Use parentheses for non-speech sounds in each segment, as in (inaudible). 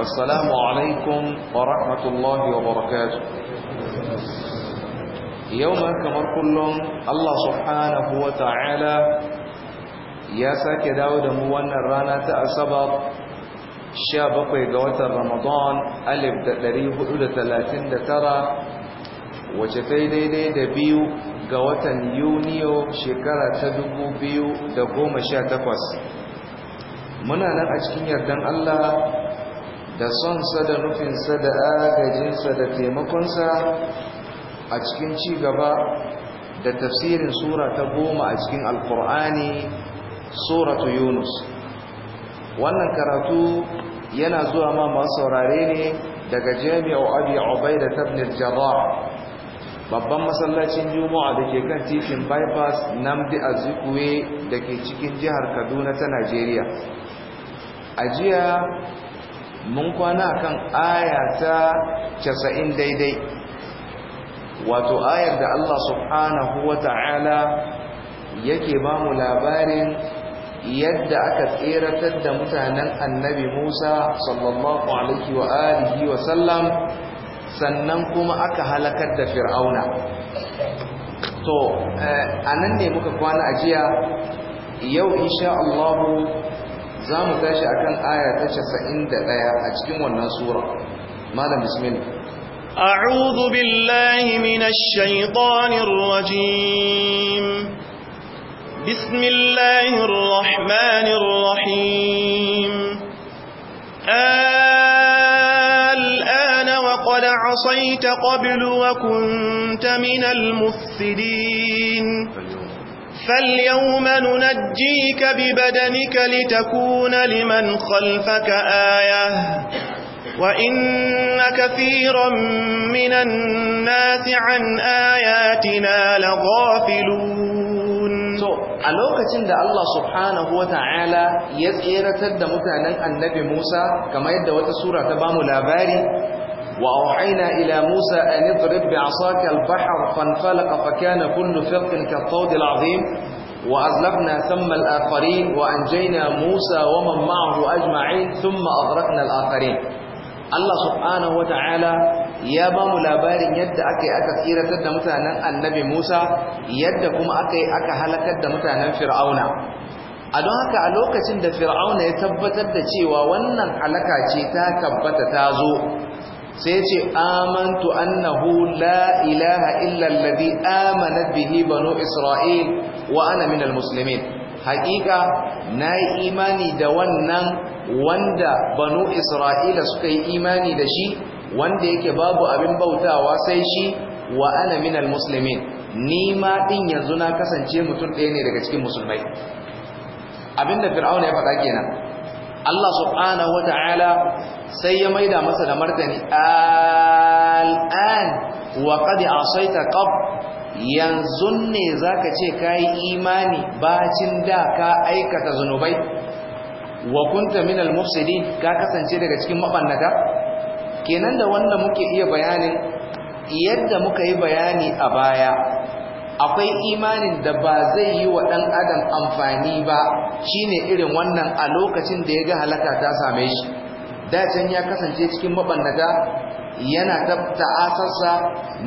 والسلام عليكم ورحمة الله وبركاته يوم كمر كلهم الله سبحانه وتعالى يا ساك داود موانا رانا تأسبب شابق قوات رمضان ألف دريه أولى ثلاثين دترى وشتيدي دي دبيو قوات يونيو شكرة تدبو بيو دقوم شاتكوس muna nan a cikin yardan Allah da son sa da nufinsa da agajinsa da taimakonsa a cikin ci gaba da tafsirin sura ta goma a cikin alkur'ani suratu yunus wannan karatu yana zuwa ma masu saurare ne daga jami'ar abi obai da tabnir jaba babban masallacin juma'a da ke kan titin bypass namdi azikwe da ke cikin jihar kaduna ta najeriya a jiya mun kwana kan aya ta 90 daidai wato ayar da Allah subhanahu wata'ala yake ba mu labarin yadda aka tseratar da mutanen annabi Musa sallallahu alaihi wa alihi wa sallam sannan kuma aka halakar da fir'auna to eh, anan ne muka kwana ajiya yau insha Allah za mu tashi a kan aya ta casa'in a cikin wannan sura malam bismin a'udhu billahi minash shaitanir rajim bismillahir rahmanir rahim al'ana wa qad asayta qablu wa kunta minal mufsidin فاليوم ننجيك ببدنك لتكون لمن خلفك آية وإن كثيرا من الناس عن آياتنا لغافلون a lokacin da Allah subhanahu wa ta'ala ya tseratar da mutanen annabi Musa kamar yadda wata sura ta bamu labari وأوحينا إلى موسى أن اضرب بعصاك البحر فانفلق فكان كل فرق كالطود العظيم وأزلفنا ثم الآخرين وأنجينا موسى ومن معه أجمعين ثم أغرقنا الآخرين Allah subhanahu wa ta'ala ya ba mu labarin yadda aka yi aka tsiratar da mutanen annabi Musa yadda kuma aka yi aka halakar da mutanen Fir'auna. A don haka a lokacin da Fir'auna ya tabbatar da cewa wannan halaka ce ta tabbata ta zo, sai ce amantu annahu la ilaha illa alladhi amanat bihi banu isra'il wa ana minal muslimin haƙiƙa na yi imani da wannan wanda banu isra'ila suka yi imani da shi wanda yake babu abin bautawa sai shi wa ana minal muslimin ni ma din yanzu na kasance mutum ɗaya ne daga cikin musulmai abinda fir'auna ya faɗa kenan Allah subhanahu ta'ala sai ya maida masa da martani al'an wa qad asaita ƙaf yanzu ne zaka ce kayi imani bacin da ka aikata zunubai? wa kunta minal mufsidin ka kasance daga cikin mabannata kenan da wanda muke iya bayanin yadda muka yi bayani a baya akwai imanin da ba zai yi wa ɗan adam amfani ba shine irin wannan a lokacin da ya ga halaka ta same shi dacin ya kasance cikin mabannata yana ta ta'asarsa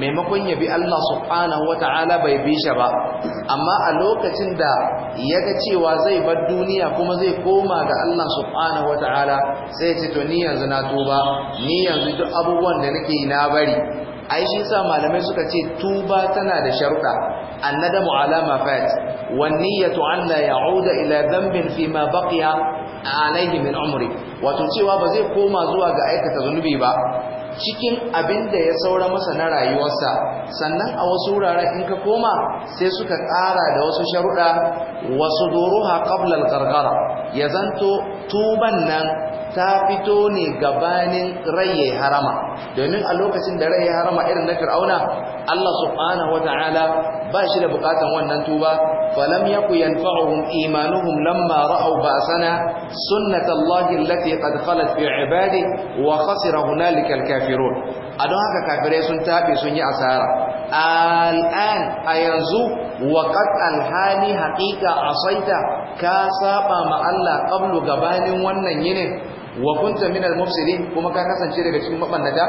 maimakon ya bi Allah subhanahu Ta'ala bai bi shi ba amma a lokacin da ya ga cewa zai bar duniya kuma zai koma ga Allah subhanahu Ta'ala, sai ya ce to ni yanzu na tuba ni yanzu duk abubuwan da nake na bari ai shi sa malamai suka ce tuba tana da sharuɗa annadamu ala ma fat wan niyyatu an la ya'uda ila dhanbin fi ma baqiya alayhi min umri wato cewa ba zai koma zuwa ga aikata zunubi ba cikin abin da ya saura masa na rayuwarsa sannan a wasu wuraren in ka koma sai suka ƙara da wasu sharuɗa wasu duruha qabla al-gargara ya zanto tuban nan ta fito ne gabanin raye harama domin a lokacin da raye harama irin na fir'auna Allah subhanahu wataala ba shi da bukatan wannan tuba falam yaku yanfa'uhum imanuhum lamma ra'aw ba'sana sunnatallahi allati qad khalat fi ibadi wa khasira hunalika alkafirun adon haka kafirai sun tabe sun yi asara al'an a yanzu waƙar alhali haƙiƙa a ka saba ma Allah ƙablu gabanin wannan yinin wa kunta minal mufsidin kuma ka kasance daga cikin mabannata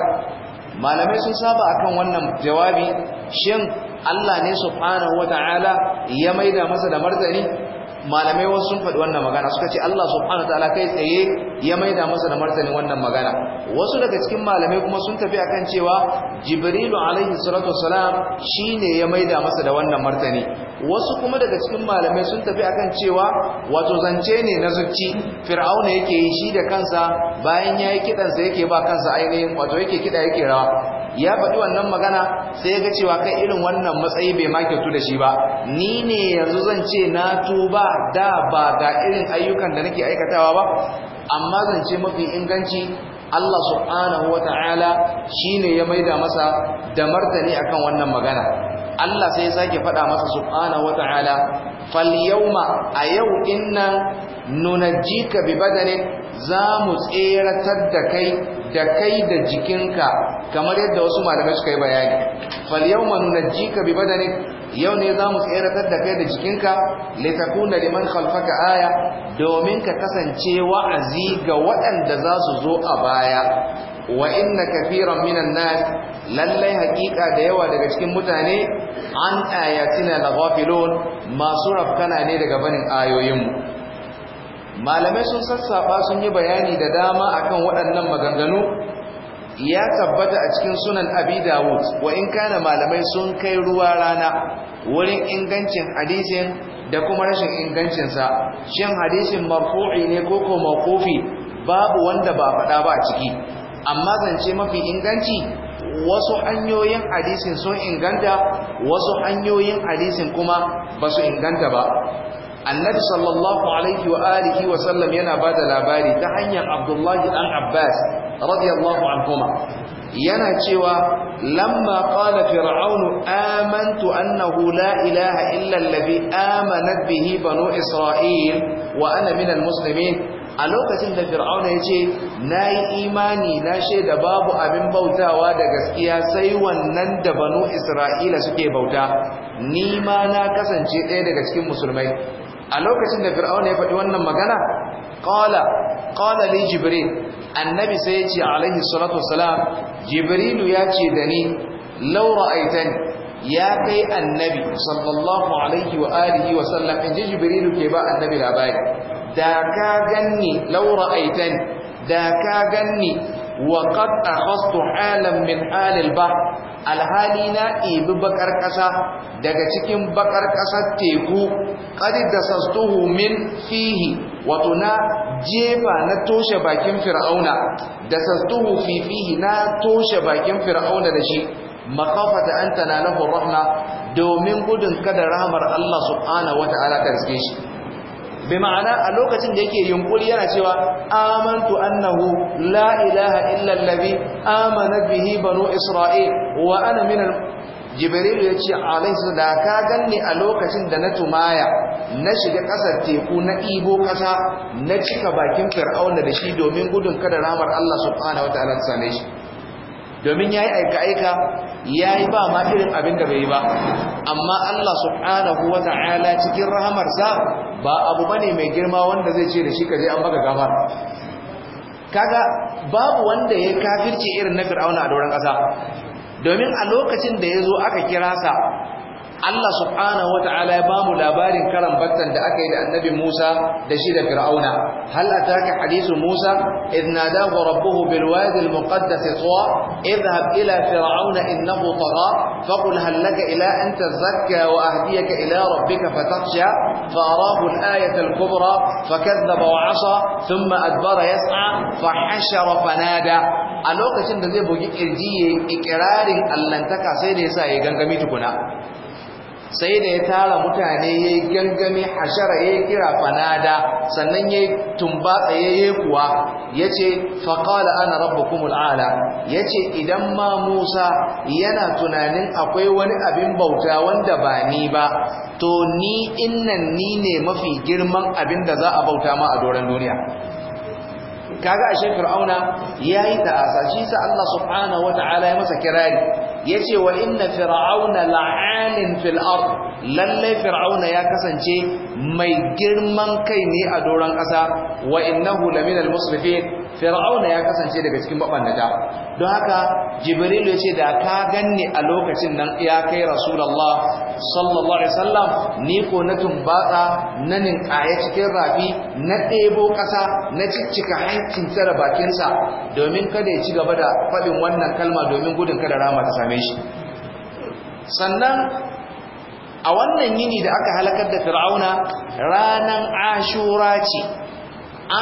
malamai sun saba akan wannan jawabi shin Allah ne subhanahu wataala ya maida masa da martani malamai wasu sun faɗi wannan magana suka ce Allah subhanahu wataala kai tsaye ya maida masa da martani wannan magana wasu daga cikin malamai kuma sun tafi akan cewa Jibrilu alaihi salatu wassalam shine ya maida masa da wannan martani wasu kuma daga cikin malamai sun tafi akan cewa wato zance ne na zuci fir'auna yake yi shi da kansa bayan ya yi sa yake ba kansa ainihin wato yake kida yake rawa ya faɗi wannan magana sai ya ga cewa kai irin wannan matsayi bai ma kyautu da shi ba ni ne yanzu zan ce na tuba da ba ga irin ayyukan da nake aikatawa ba amma zan ce mafi inganci Allah subhanahu wa ta'ala shi ne ya maida masa da martani akan wannan magana Allah sai ya sake faɗa masa subhanahu wa ta'ala fal yawma a yau innan nunajjika bi badanin za mu tseratar da kai da kai da jikinka kamar yadda wasu malamai suka yi bayani fal yawma nunajjika bi badanin yau ne za mu tseratar da kai da jikinka litakuna liman khalfaka aya domin ka kasance wa'azi ga waɗanda za su zo a baya wa inna kafiran minan nas lallai hakika da yawa daga cikin mutane an ayatina ghafilun masu rafkana ne daga banin ayoyinmu malamai sun sassafa sun yi bayani da dama akan waɗannan maganganu ya tabbata a cikin sunan abi dawud wa in kana malamai sun kai ruwa rana wurin ingancin hadisin da kuma rashin ingancinsa shin hadisin marfu'i ne ko ko kofi, babu wanda ba faɗa ba a ciki amma zance mafi inganci wasu hanyoyin hadisin sun inganta wasu hanyoyin hadisin kuma ba su inganta ba annabi sallallahu alaihi wa alihi wa sallam yana bada labari ta hanyar abdullahi dan abbas radiyallahu anhuma yana cewa lamma qala fir'aunu amantu annahu la ilaha illa alladhi amanat bihi banu isra'il wa ana minal muslimin a lokacin da fir'auna na nayi imani na shaida babu abin bautawa da gaskiya sai wannan da banu isra'ila suke bauta ni ma na kasance ɗaya daga cikin musulmai a lokacin da fir'auna ya faɗi wannan magana qala qala li jibril annabi sai ya ce alaihi salatu wassalam jibrilu ya ce da ni law ra'aitani ya kai annabi sallallahu alaihi wa alihi wa sallam inji jibrilu ke ba annabi labari da ka ganni law ra'aitani da ka ganni wa qad akhastu halan min halil bahr alhali na ɗebi bakar ƙasa daga cikin bakar ƙasar teku ƙari da sastuhu min fihi wato na jefa na toshe bakin fir'auna da sastuhu fi fihi na toshe bakin fir'auna da shi makafata an na rahma domin gudun kada rahmar Allah subhanahu wata'ala ta riske shi bai ma'ana a lokacin da yake yunkuri yana cewa amantu annahu la ilaha illa allazi amana bihi banu isra'il wa ana min jibril ya ce alaihi da ka ganni a lokacin da na tumaya na shiga kasar teku na ibo kasa na cika bakin fir'auna da shi domin gudun kada ramar Allah subhanahu wataala ta same shi domin ya yi aika aika ya yi ba ma irin abin da bai ba amma Allah subhanahu wata'ala cikin rahamarsa ba abu bane mai girma wanda zai ce da shi kaje an baka gafara kaga babu wanda ya kafirci irin na Fir'auna a doron ƙasa domin a lokacin da ya zo aka kira sa Allah subhanahu ta'ala ya bamu labarin karan baktan da aka yi da annabi Musa da shi da Fir'auna hal ataka hadithu Musa idh nadahu rabbuhu bil wadi al muqaddas tuwa idhhab ila fir'auna innahu tagha faqul hal laka ila an tazakka wa ahdiyaka ila rabbika fatakhsha farahu al ayata al kubra fakadhaba wa 'asa thumma adbara yas'a fahashara fanada a lokacin da zai bugi kirji yayin ikrarin allantaka sai da yasa ya gangami tukuna sai da ya tara mutane ya yi gangami hashara ya yi kira fanada sannan ya yi tumbatsa ya kuwa ya ce faƙala ana kuma al'ala ya ce idan ma musa yana tunanin akwai wani abin bauta wanda ba ni ba to ni innan ni ne mafi girman abin da za a bauta ma a doron duniya kaga ashe fir'auna yayi ta'asa shi sa Allah subhanahu wataala ya masa kirari yace wa inna fir'auna la'anin fil ard lalle fir'auna ya kasance mai girman kai ne a doron ƙasa wa innahu laminal musrifin fir'auna ya kasance daga cikin mabannata don haka Jibrilu ya ce da ka ganni a lokacin nan ya kai rasulullah sallallahu alaihi wasallam ni ko na tumbatsa na ninkaye cikin rafi na ɗebo ƙasa na ciccika hancin da bakinsa domin kada ya ci gaba da faɗin wannan kalma domin gudun kada rama ta same shi sannan a wannan yini da aka halakar da fir'auna ranan ashura ce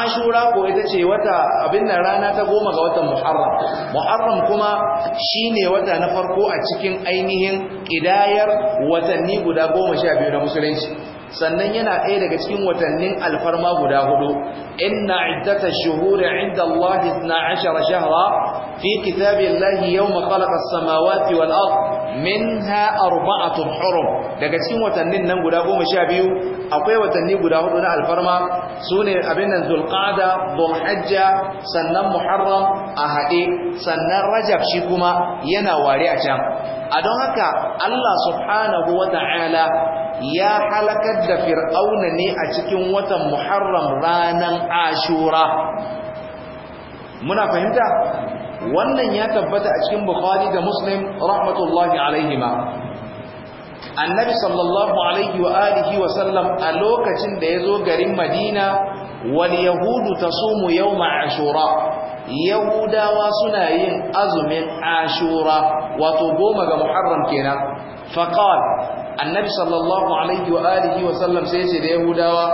ashura ko ita ce wata abin nan rana ta goma ga watan muharram muharram kuma shi ne wata na farko a cikin ainihin ƙidayar watanni guda goma sha biyu na musulunci sannan yana ɗaya daga cikin watannin alfarma guda hudu inna iddata shuhuri inda Allah 12 shahra fi kitabillahi yawma khalaqa as-samawati wal ard minha arba'atun hurum daga cikin watannin nan guda biyu akwai watanni guda hudu na alfarma suna abin nan zulqa'da bulhajja sannan muharram a hade sannan rajab shi kuma yana ware a can a don haka Allah subhanahu wa ta'ala ya halakar da fir'auna ne a cikin watan muharram ranan ashura muna fahimta wannan ya tabbata a cikin bukhari da muslim rahmatullahi alaihima annabi sallallahu alaihi wa alihi wa sallam a lokacin da ya zo garin madina wal yahudu sumu yau ashura yahudawa suna yin azumin ashura wato goma ga muharram kenan faqal annabi sallallahu alaihi wa alihi wa sallam sai ce da yahudawa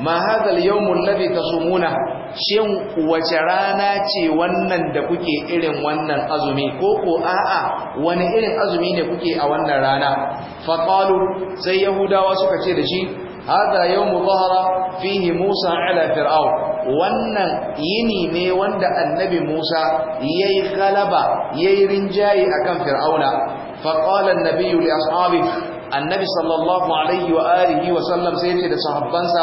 ma yau al-yawm alladhi tasumuna shin wace rana ce wannan da kuke irin wannan azumi ko ko a'a wani irin azumi ne kuke a wannan rana faqalu sai yahudawa suka ce da shi hada yawmu dhahara fihi Musa ala fir'aun wannan yini ne wanda annabi Musa yayi galaba yayi rinjaye akan fir'auna fa qala an li ashabi annabi sallallahu alaihi wa alihi wa sallam sai yace da sahabbansa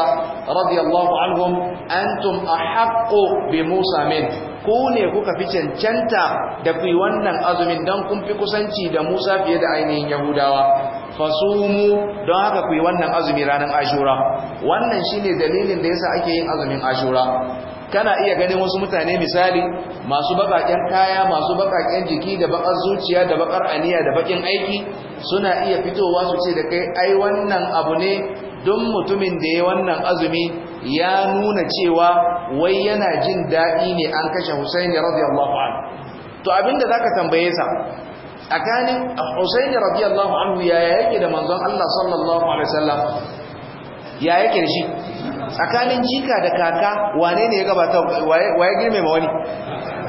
radiyallahu anhum antum ahaqqu bi Musa min ku ne kuka fi cancanta da ku wannan azumin dan kun fi kusanci da Musa fiye da ainihin Yahudawa fasumu don haka ku yi wannan azumi ranar ashura wannan shine dalilin da yasa ake yin azumin ashura kana iya ganin wasu mutane misali masu bakaken kaya masu bakaken jiki da bakar zuciya da bakar aniya da bakin aiki suna iya fitowa su ce da kai ai wannan abu ne don mutumin da ya wannan azumi ya nuna cewa wai yana jin daɗi ne an kashe Husaini radiyallahu anhu to abinda zaka tambaye sa tsakanin rabi Allah anhu ya yake da manzon Allah sallallahu alaihi wasallam ya yake da shi tsakanin jika da kaka wane ne ya gabata waye girme ma wani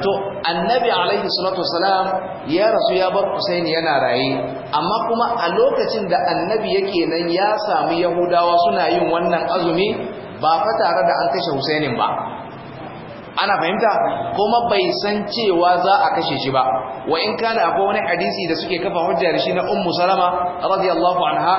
to annabi alaihi salatu wasalam ya rasu ya bar Husaini yana raye amma kuma a lokacin da annabi yake nan ya samu Yahudawa suna yin wannan azumi ba fa tare da an kashe Husainin ba ana fahimta kuma bai san cewa za a kashe shi ba wa in kana akwai wani hadisi da suke kafa hujja da shi na ummu salama radiyallahu anha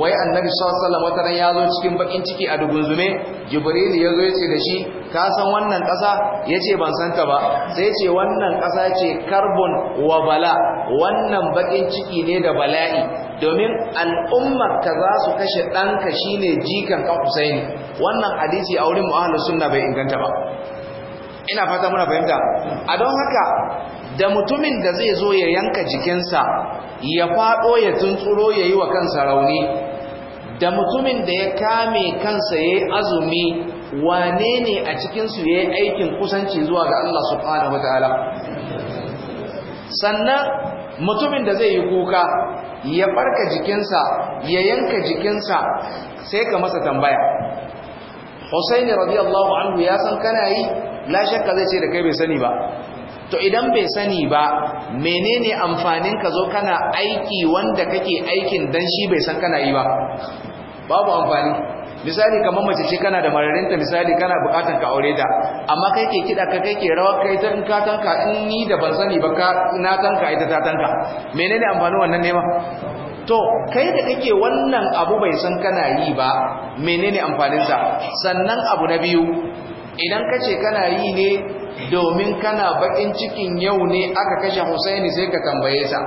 wai annabi sallallahu alaihi wasallam ya zo cikin bakin ciki a zume? jibril ya zo ya ce da shi ka san wannan kasa yace ban san ta ba sai ce wannan kasa ce karbon wa bala wannan bakin ciki ne da bala'i domin al'ummar ka za su kashe ɗanka shine jikan ka Husaini wannan hadisi a wurin mu'ahlus sunna bai inganta ba ina fata muna fahimta a don haka da mutumin da zai zo ya yanka jikinsa ya faɗo ya tuntsuro ya yi wa kansa rauni da mutumin da ya kame kansa ya yi azumi wane ne a cikinsu ya yi aikin kusanci zuwa ga Allah subhanahu ta'ala sannan mutumin da zai yi kuka ya ɓarka jikinsa ya yanka jikinsa sai ka masa tambaya Husaini radiyallahu anhu ya san kana yi la shakka zai ce da kai bai sani ba to idan bai sani ba menene amfanin ka zo kana aiki wanda kake aikin dan shi bai san kana yi ba babu amfani misali kamar mace ce kana da mararinta misali kana bukatan ka aure ta amma kai ke kida ka kai ke rawa kai ta ka tanka in ni da ban sani ba ka na tanka ita ta tanka menene amfanin wannan neman to kai da kake wannan abu bai san kana yi ba menene amfaninsa sannan abu na biyu idan ka ce kana yi ne domin kana bakin cikin yau ne aka kashe Husaini sai ka tambaye sa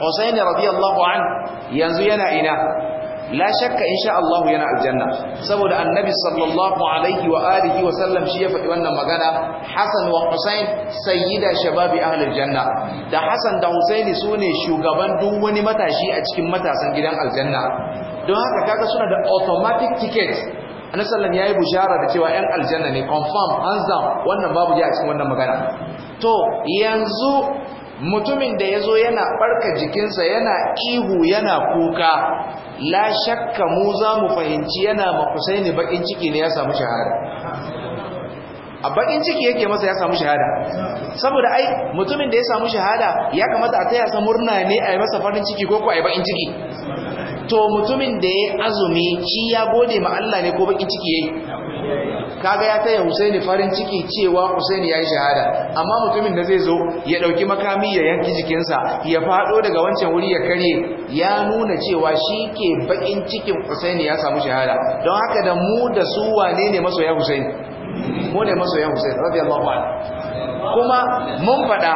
Husaini radiyallahu an yanzu yana ina la shakka insha Allah yana aljanna saboda annabi sallallahu alaihi wa alihi wa sallam shi ya faɗi wannan magana Hassan wa Hussein sayyida shababi ahli aljanna da Hassan da Hussein sune shugaban duk wani matashi a cikin matasan gidan aljanna don haka kaga suna da automatic ticket annabi sallam yayi bushara da cewa yan aljanna ne confirm hands down wannan babu ya a cikin wannan magana to yanzu mutumin da ya zo yana barka jikinsa yana ihu yana kuka la shakka mu za mu fahimci yana makusaini bakin ciki ne ya samu shahada a bakin ciki yake masa ya samu shahada saboda ai mutumin da ya samu shahada ya kamata a taya sa murna ne a yi masa farin ciki ko ko a yi bakin ciki to mutumin da ya azumi shi ya gode ma Allah ne ko bakin ciki yayi kaga ya taya Husaini farin ciki cewa Husaini yi shahada amma mutumin da zai zo ya dauki makami ya yanki jikinsa ya fado daga wancan wuri ya kare ya nuna cewa shi ke bakin cikin Husaini ya samu shahada don haka da mu da su wane ne masoya Husaini mu ne masoya Husaini radiyallahu anhu kuma mun fada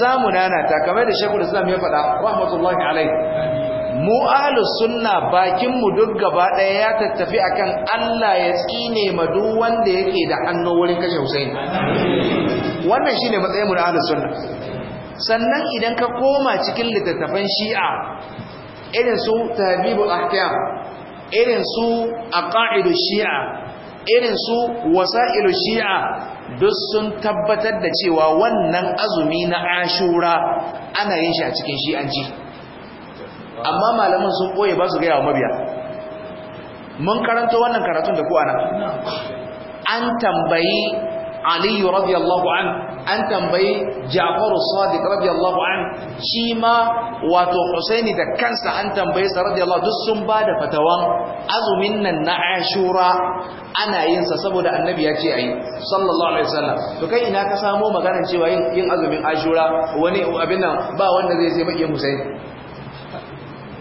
zamu nana ta kamar da Sheikhul Islam ya fada rahmatullahi alaihi mu ahlus sunna bakin mu duk gaba ɗaya ya tattafi akan Allah ya tsine ma duk wanda yake da hannu wurin kashe Hussein wannan shine matsayin mu na ahlus sunna sannan idan ka koma cikin littattafan Shi'a irin su tahbibul Ahkam irin su Aqaidu Shi'a irin su Wasa'ilu Shi'a duk sun tabbatar da cewa wannan azumi na Ashura ana yin shi a cikin Shi'anci amma malaman sun boye ba su gaya wa mabiya mun karanto wannan karatun da ku ana an tambayi Aliyu radiyallahu an an tambayi Jafaru sadiq radiyallahu an shi ma wato Husaini da kansa an tambaye sa radiyallahu duk sun ba da fatawan azumin nan na Ashura ana yin sa saboda Annabi ya ce ayi sallallahu alaihi wasallam to kai ina ka samo maganar cewa yin azumin Ashura wani abin nan ba wanda zai sai maki Husaini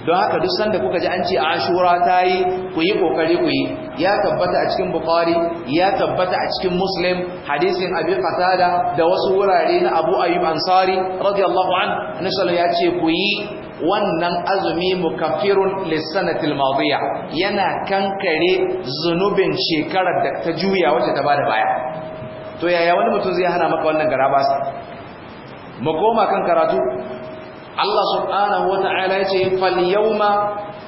don haka duk sanda kuka ji an ce ashura ta yi ku yi kokari ku yi ya tabbata a cikin bukhari ya tabbata a cikin muslim hadisin abi qatada da wasu wurare na abu ayyub ansari radiyallahu an annabi ya ce ku yi wannan azumi mukaffirun lisanatil madiya yana kankare zunubin shekarar da ta juya wacce ta bada baya to yaya wani mutum zai hana maka wannan garabasa mu koma kan karatu Allah subhanahu wa ta'ala ya ce fal yawma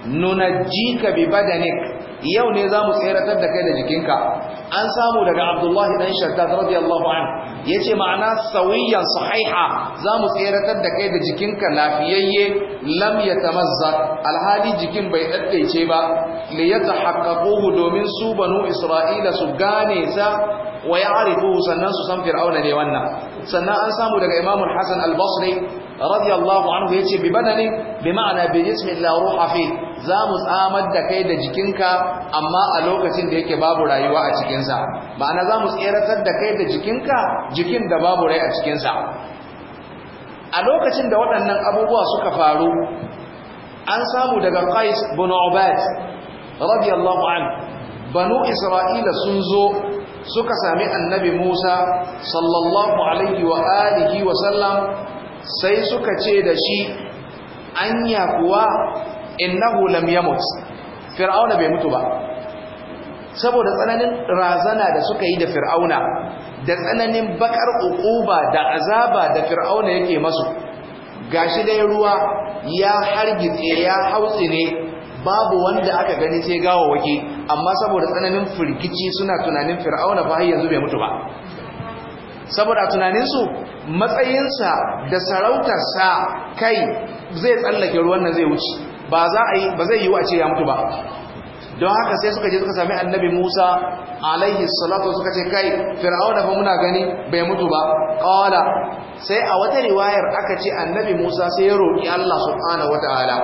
nunajjika bi badanik yau ne mu tseratar da kai da jikinka an samu daga Abdullah dan Shaddad radiyallahu ya ce ma'ana sawiyan sahiha zamu tseratar da kai da jikinka lafiyayye lam yatamazzaq alhali jikin bai ɗaɗɗaice ba li yatahaqqaquhu domin su banu Isra'ila su gane sa wa ya'rifu sannan su san fir'auna ne wannan sannan an samu daga Imam Hassan al-Basri radiyallahu anhu yace bi badani bi ma'ana bi jismi la ruha fi za mu tsamar da kai da jikinka amma a lokacin da yake babu rayuwa a cikin sa ma'ana za mu tseratar da kai da jikinka jikin da babu rai a cikin sa a lokacin da waɗannan abubuwa suka faru an samu daga Qais bin Ubad radiyallahu an banu Isra'ila sun zo suka sami annabi Musa sallallahu alaihi wa alihi wa sallam sai suka ce da shi anya kuwa innahu lam yamut fir'auna bai mutu ba saboda tsananin razana da suka yi da fir'auna da tsananin bakar uquba da azaba da fir'auna yake masu gashi dai ruwa ya hargitse ya hautsi ne babu wanda aka gani sai gawo wake amma saboda tsananin firgici suna tunanin fir'auna ba har yanzu bai mutu ba saboda tunaninsu matsayinsa da sarautarsa kai zai tsallake ruwan nan zai wuce ba za a yi ba zai yiwu a ce ya mutu ba don haka sai suka je suka sami annabi Musa alaihi salatu suka ce kai fir'auna fa muna gani bai mutu ba qala sai a wata riwayar aka ce annabi Musa sai ya roki Allah subhanahu wataala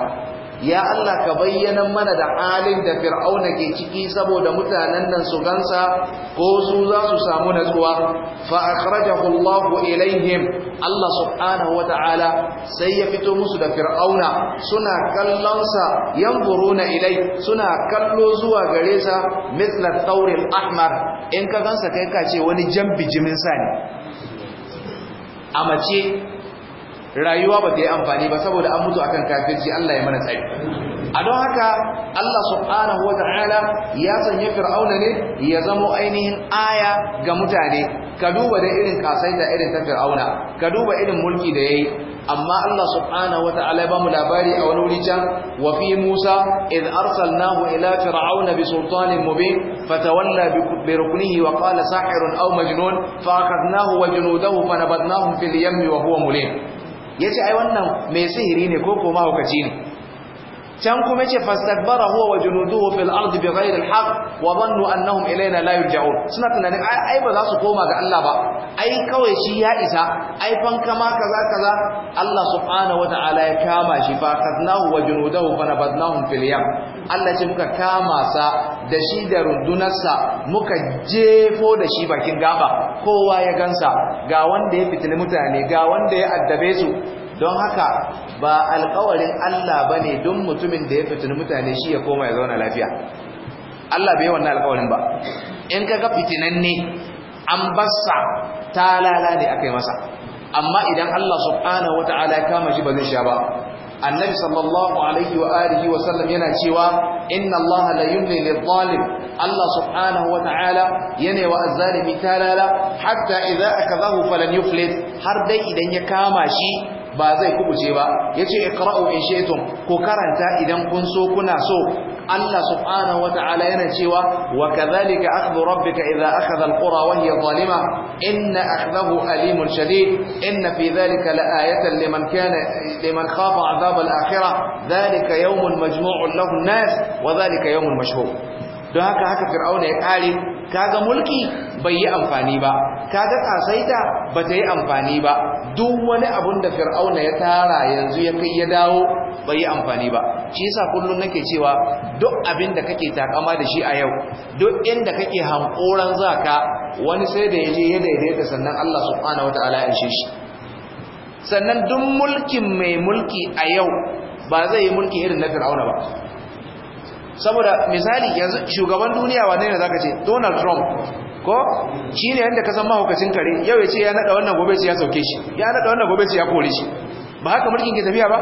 ya Allah ka bayyana mana da halin da fir'auna ke ciki saboda mutanen nan su gansa ko su za su samu natsuwa fa akhrajahu Allah ilaihim Allah subhanahu wataala sai ya fito musu da fir'auna suna kallon kallonsa yanzuruna ilai suna kallo zuwa gare sa mithla al ahmar in ka gansa kai ka ce wani jambi jimin sani a mace rayuwa ba ta yi amfani ba saboda an mutu akan kafirci Allah ya mana tsari a don haka Allah subhanahu wa ta'ala ya sanya fir'auna ne ya zamo ainihin aya ga mutane ka duba da irin da irin ta fir'auna ka duba irin mulki da yayi amma Allah subhanahu wa ta'ala ya bamu labari a wani wuri can wa fi Musa id arsalnahu ila fir'auna bi sultanin mubin fatawalla bi ruknihi wa qala sahirun aw majnun fa akhadnahu wa junudahu fanabadnahum fil yammi wa huwa mulim yace ai wannan mai sihiri ne ko ko mahaukaci ne can kuma ce fastakbara huwa wa junuduhu fil ardi bighayri al haqq wa dhannu annahum ilayna la yurja'un suna tunanin ai ba za su koma ga Allah ba ai kawai shi ya isa ai fan kama kaza kaza Allah subhanahu wataala ya kama shi fa kadnahu wa na fa nabadnahum fil yam Allah ce muka kama sa da shi da rundunarsa muka jefo da shi bakin gaba kowa ya gansa ga wanda ya fitini mutane ga wanda ya addabe su don haka ba alkawarin Allah ba ne don mutumin da ya fitini mutane shi ya koma ya zauna lafiya Allah bai wannan alkawarin ba in ka ga fitinanne an basa ta lala ne aka yi masa amma idan Allah subhanahu ta'ala ya kama shi ba zai sha ba annabi sallallahu alaihi wa alihi wa sallam yana cewa inna Allah la yumli lidh-dhalim Allah subhanahu wata'ala yana wa azzalimi talala hatta idza akadahu falan yuflis har dai idan ya kama shi ba zai kubuce ba ce ikra'u in shi'tum ko karanta idan kun so kuna so Allah subhanahu wata'ala yana cewa wa kadhalika akhdhu rabbika idha akhadha alqura wa hiya zalima inna akhdahu alimun shadid inna fi dhalika laayatan liman kana liman khafa 'adhab al dhalika yawmun majmu'un lahu an-nas wa dhalika yawmun mashhur don haka haka fir'auna ya kare kaga mulki bai yi amfani ba kaga kasaita ba ta yi amfani ba duk wani abun da fir'auna ya tara yanzu ya kai ya dawo bai yi amfani ba shi yasa kullun nake cewa duk abin da kake takama da shi a yau duk inda kake hankoran zaka wani sai da yaje ya daidaita sannan Allah subhanahu wataala ya ishe shi sannan duk mulkin mai mulki a yau ba zai yi mulki irin na fir'auna ba saboda misali yanzu shugaban duniya wane ne zaka ce Donald Trump ko shi ne yanda ka san mahaukacin kare yau ya ce ya nada wannan gobe ya sauke shi ya nada wannan gobe ya kore shi ba haka mulkin ke tafiya ba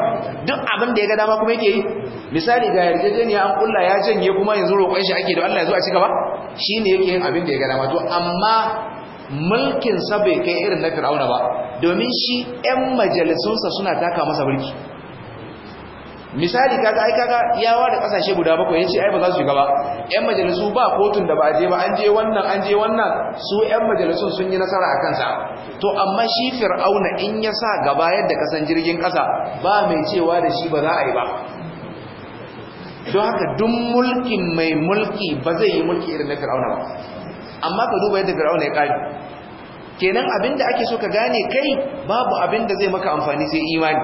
duk abin da ya ga dama kuma yake yi misali ga yarjejeniya an kulla ya janye kuma yanzu roƙon shi ake da Allah ya zo a ci gaba shine yake yin abin da ya ga dama to amma mulkin sa bai kai irin na Fir'auna ba domin shi ƴan majalisunsa suna taka masa mulki misali kaga ai kaga ya da kasashe guda bakwai yace ai ba za su shiga ba ƴan majalisu ba kotun da ba je ba an je wannan an je wannan su ƴan majalisun sun yi nasara akan sa to amma shi fir'auna in ya sa gaba yadda kasan jirgin kasa ba mai cewa da shi ba za a yi ba don haka duk mulkin mai mulki ba zai yi mulki irin na fir'auna ba amma ka duba yadda fir'auna ya kare kenan abinda ake so ka gane kai babu abinda zai maka amfani sai imani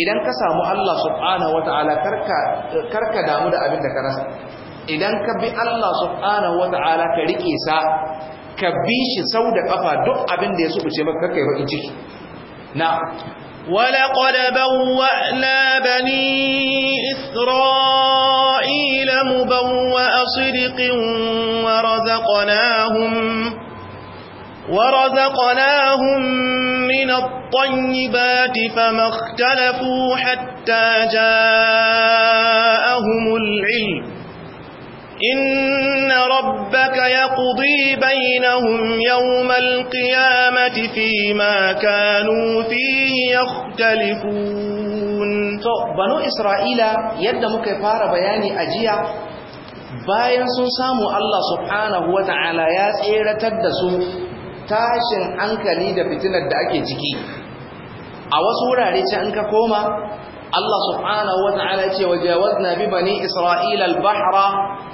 idan ka samu Allah subhanahu wataala karka karka damu da abin da ka rasa idan ka bi Allah subhanahu wataala ka rike sa ka bi shi sau da kafa duk abin da ya subuce maka kai bakin ciki na ولقد بوأنا بني إسرائيل مبوأ صدق ورزقناهم ورزقناهم من الطيبات فما اختلفوا حتى جاءهم العلم إن ربك يقضي بينهم يوم القيامة فيما كانوا فيه يختلفون بنو إسرائيل يدمك فار بياني أجيا bayan sun الله سبحانه وتعالى wata'ala ya tashin hankali da fitinar da ake ciki a wasu wurare ce an ka koma Allah subhanahu wa ta'ala ce wajawazna bi bani isra'ila al-bahra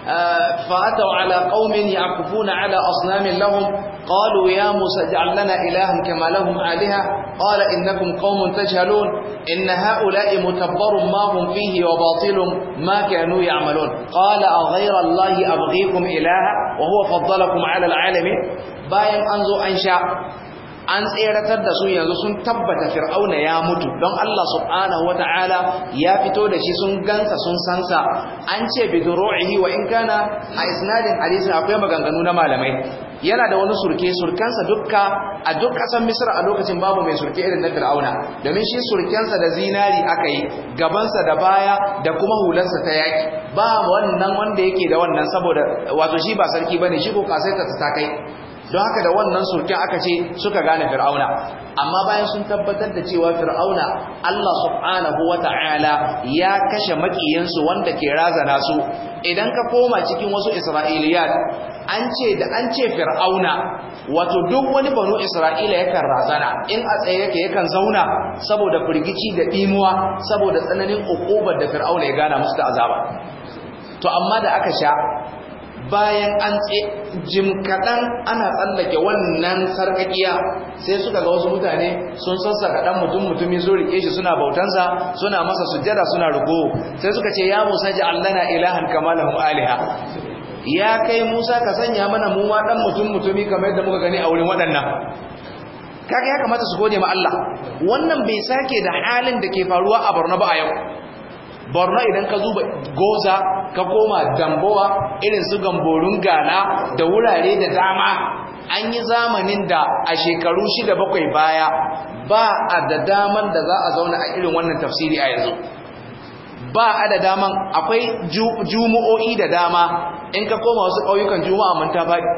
eh, fa ataw ala qaumin yaqufuna ala asnamin lahum qalu ya musa ij'al lana ilahan kama lahum alaha قال إنكم قوم تجهلون إن هؤلاء متبر ما هم فيه وباطل ما كانوا يعملون قال أغير الله أبغيكم إلها وهو فضلكم على العالمين باين أنزو أنشاء an tseratar da su yanzu sun tabbata fir'auna ya mutu don Allah subhanahu Ta'ala ya fito da shi sun gansa sun sansa an ce bi wa in kana a isnadin hadisi akwai maganganu na malamai yana da wani surke surkensa dukka a duk kasan misra a lokacin babu mai surke irin na fir'auna domin shi surkensa da zinari aka yi gabansa da baya da kuma hulansa ta yaki ba wannan wanda yake da wannan saboda wato shi ba sarki ba ne, shi ko kasai ta kai don haka da wannan surken aka ce suka gane fir'auna amma bayan sun tabbatar da cewa fir'auna Allah subhanahu wata'ala ya kashe makiyansu wanda ke razana su idan ka koma cikin wasu isra'iliyat an ce da an ce fir'auna wato duk wani banu isra'ila yakan razana in a tsaye yake yakan zauna saboda firgici da dimuwa saboda tsananin ukubar da fir'auna ya gana musu da azaba to amma da aka sha bayan an jim kaɗan ana tsallake wannan sarkakiya sai suka ga wasu mutane sun sassaka ɗan mutum mutumi zo rike shi suna bautansa suna masa sujjada suna rugo sai suka ce ya musa ji allana ilahan kama aliha ya kai Musa ka sanya mana mu ma dan mutum mutumi kamar yadda muka gani a wurin waɗannan kaga ya kamata su gode ma Allah wannan bai sake da halin da ke faruwa a Borno ba a yau Borno idan ka zuba goza ka koma dambowa irin su gamborun gana da wurare da dama an yi zamanin da a shekaru shida bakwai baya ba a da daman da za a zauna a irin wannan tafsiri a yanzu ba a da daman akwai jumu'o'i da dama in ka koma wasu ƙauyukan juma'a mun ta faɗi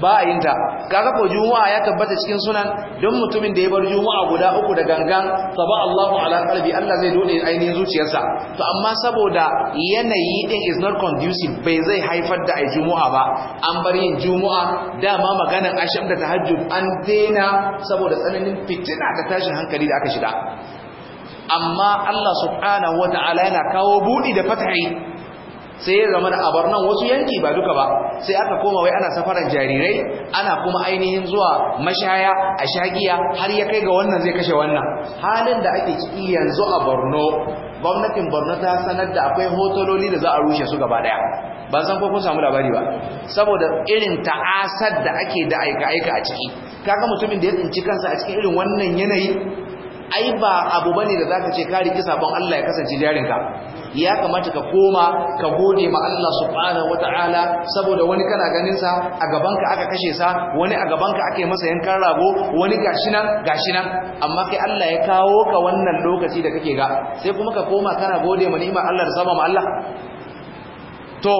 ba a yin ta ga ko juma'a ya tabbata cikin sunan don mutumin da ya bar juma'a guda uku da gangan saba Allahu ala qalbi Allah zai dole ainihin zuciyarsa to amma saboda yanayi din is not conducive bai zai haifar da ai juma'a ba an bar yin juma'a dama maganan ashab da tahajjud an daina saboda tsananin fitina ta tashin hankali da aka shiga amma Allah subhanahu Ta'ala yana kawo buɗi da fatahi sai ya zama da abarnan wasu yanki ba duka ba sai aka koma wai ana safaran jarirai ana kuma ainihin zuwa mashaya a shagiya har ya kai ga wannan zai kashe wannan halin da ake ciki yanzu a Borno gwamnatin Borno ta sanar da akwai hotololi da za a rushe su gaba daya ban san ko kun samu labari ba saboda irin ta'asar da ake da aika aika a ciki kaga mutumin da ya tsinci kansa a cikin irin wannan yanayi ai ba abu bane da zaka ce ka riki sabon Allah ya kasance jarinka ya kamata ka koma ka gode ma Allah subhanahu wataala saboda wani kana ganin sa a gabanka aka kashe sa wani a gabanka aka masa yankan rago wani gashi nan gashi nan amma kai Allah ya kawo ka wannan lokaci da kake ga sai kuma ka koma kana gode ma ni'imar Allah da sama ma Allah to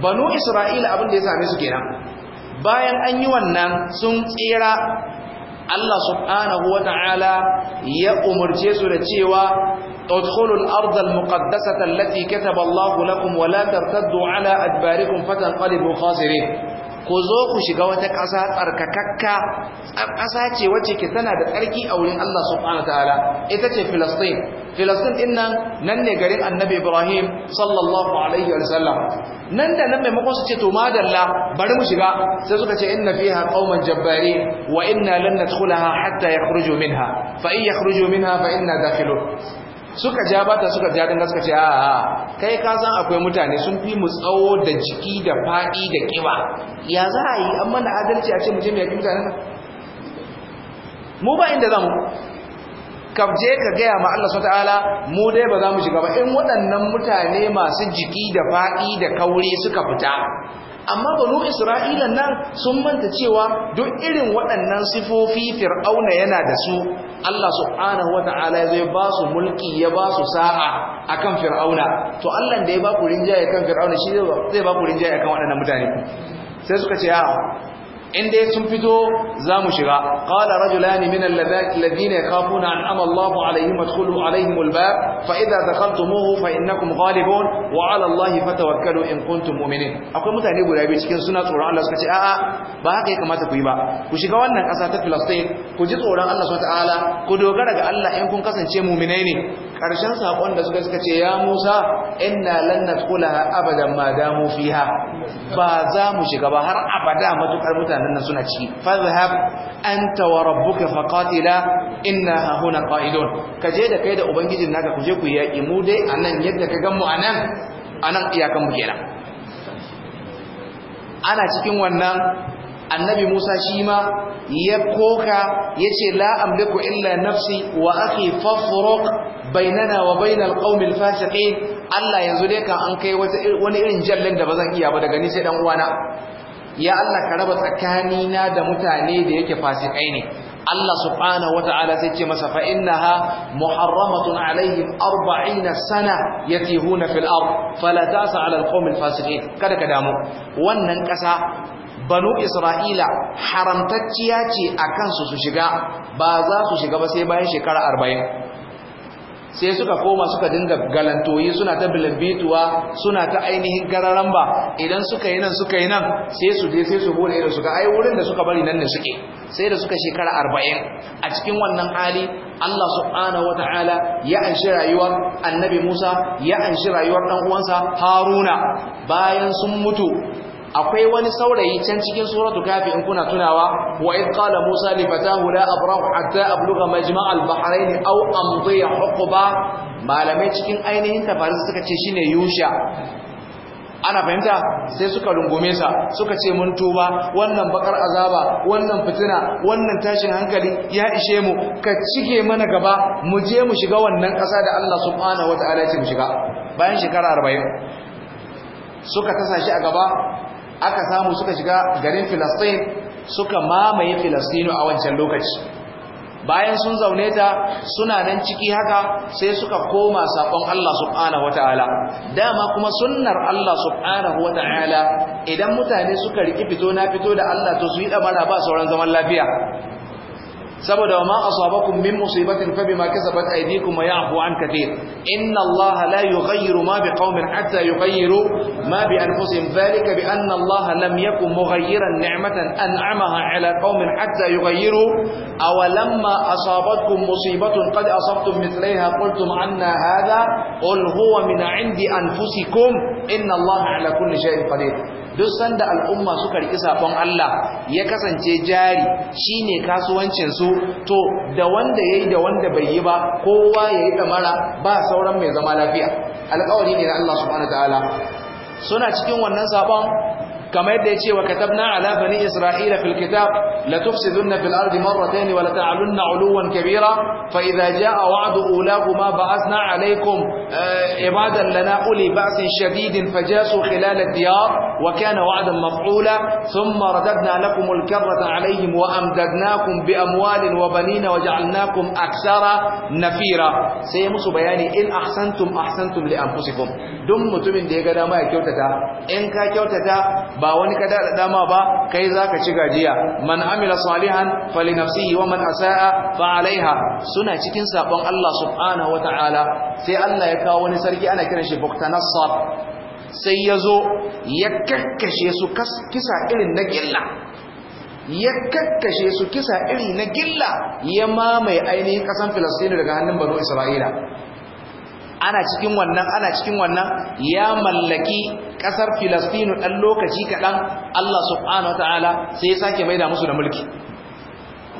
banu Isra'ila abin da ya same su kenan bayan an yi wannan sun tsira Allah subhanahu wa ta'ala ya umarce su da cewa udkhulul arda almuqaddasata allati kataba Allahu lakum wa la tartaddu ala adbarikum fatanqalibu khasirin ku zo ku shiga wata ƙasa tsarkakakka ƙasa ce wacce ke tana da tsarki a wurin Allah subhanahu wataala ita ce Filistin Filistin dinnan nan ne garin Annabi Ibrahim sallallahu alaihi wa sallam nan da nan maimakon su ce to madalla bari mu shiga sai suka ce inna fiha qauman jabbari wa inna lan nadkhulaha hatta yakhruju minha fa in yakhruju minha fa inna dakhilun suka ja bata suka ja dan suka ce a a kai ka san akwai mutane sun fi mu tsawo da jiki da fadi da kiba ya za a yi amma na adalci a ce mu je mu yaki mutanen mu ba inda zamu kabje ka gaya ma Allah subhanahu wataala mu dai ba za mu shiga ba in waɗannan mutane masu jiki da fadi da kauri suka fita amma banu isra'ila nan sun manta cewa duk irin waɗannan sifofi fir'auna yana da su Allah subhanahu wata'ala ya zai ba su mulki ya ba su sa'a akan fir'auna to Allah da ya ba ku rinjaye kan fir'auna shi zai ba ku rinjaye akan waɗannan mutane sai suka ce in dai sun fito za mu shiga qala rajulani min alladhina yakhafuna an amalla Allahu alaihim adkhulu alaihim albab fa idza dakhaltumuhu fa innakum ghalibun wa ala Allahi fatawakkalu in kuntum mu'minin akwai mutane guda biyu cikin suna tsoron Allah suka ce a'a ba haka ya kamata ku yi ba ku shiga wannan ƙasa ta Palestine ku ji tsoron Allah subhanahu wa ta'ala ku dogara ga Allah in kun kasance mu'minai ne Karshen saƙon da suka suka ce ya musa inna lan nadkhulaha abadan ma damu fiha ba za mu shiga ba har abada matukar mutanen nan suna ciki fadhhab anta wa rabbuka faqatila inna huna qa'idun kaje da kai da ubangijin naka kuje ku yaki mu dai anan yadda ka ganmu anan anan iyakan mu kenan ana cikin wannan annabi Musa shi ma ya koka ya ce la amliku illa nafsi wa ake fafurok bainana wa bainal qaumil Fasiƙe. Allah yanzu dai kan an kai wani irin jallan da bazan iya ba daga ni sai dan uwana ya Allah ka raba tsakani na da mutane da yake fasikai ne Allah subhanahu wataala sai ce masa fa innaha muharramatun alaihim 40 sana yatihuna fil ard fala ta'sa ala alqawmil fasiqin kada ka damu wannan kasa banu isra'ila haramtacciya ce a kansu su shiga ba za su shiga ba sai bayan shekara arba'in sai suka koma suka dinga galantoyi suna ta bilibituwa suna ta ainihin gararan ba idan suka yi nan suka yi nan sai su je sai su bude idan suka ai wurin da suka bari nan da suke sai da suka shekara arba'in a cikin wannan hali Allah subhanahu wata'ala ya anshi rayuwar annabi Musa ya anshi rayuwar ɗan'uwansa uwansa Haruna bayan sun mutu akwai wani saurayi can cikin suratu kafi in kuna tunawa wa id qala musa li fatahu la abrahu hatta abluga majma' al bahrain aw amdi huqba malamai cikin ainihin tafarin suka ce shine yusha ana fahimta sai suka rungume sa suka ce mun tuba wannan bakar azaba wannan fitina wannan tashin hankali ya ishe mu ka cike mana gaba mu je mu shiga wannan ƙasa da Allah subhanahu wataala ya ce mu shiga bayan shekara 40 suka tasa shi a gaba aka samu suka shiga garin filastin suka mamaye filastinu a wancan lokaci bayan sun zaune ta suna nan ciki haka sai suka koma saƙon Allah subhanahu ta'ala dama kuma sunnar Allah subhanahu ta'ala idan mutane suka riki fito na fito da Allah to su yi damara ba sauran zaman lafiya saboda ma asabakum min musibatin fa bima kasabat aydikum wa ya'fu an katir inna allaha la yughayyiru ma biqaumin hatta yughayyiru ma bi anfusihim dhalika bi anna allaha lam yakun mughayyiran ni'matan an'amaha ala qaumin hatta yughayyiru aw lamma asabatkum musibatun qad asabtum mithlaha qultum anna hadha qul huwa min 'indi anfusikum inna allaha ala kulli shay'in qadir duk sanda al'umma suka riki sabon Allah ya kasance jari shine kasuwancin su to da wanda yayi da wanda bai yi ba kowa yayi damara ba sauran mai zama lafiya alƙawari ne na Allah subhanahu wataala suna cikin wannan sabon كما شيء وكتبنا على بني إسرائيل في الكتاب لتفسدن في الأرض مرتين ولتعلن علوا كبيرا فإذا جاء وعد ما بعثنا عليكم آه، عبادا لنا أولي بأس شديد فجاسوا خلال الديار وكان وعدا مفعولا ثم رددنا لكم الكرة عليهم وأمددناكم بأموال وبنين وجعلناكم أكثر نفيرا سيمس بياني إن أحسنتم أحسنتم لأنفسكم دمتم متمن ديغا ما يكوتتا إن كا با ba wani ka dada dama ba kai zaka ci gajiya man amila salihan fali nafsihi wa man asaa fa alaiha suna cikin sabon Allah subhanahu Ta'ala sai Allah ya kawo wani sarki ana kiran shi Buktanassar sai ya zo ya kakkashe su kisa irin na gilla ya kakkashe su kisa iri na gilla ya mamaye ainihin kasan Filistinu daga hannun Banu Isra'ila ana cikin wannan ana cikin wannan ya mallaki kasar filastinu dan lokaci kaɗan allah subhanahu wa sai ya sake maida musu da mulki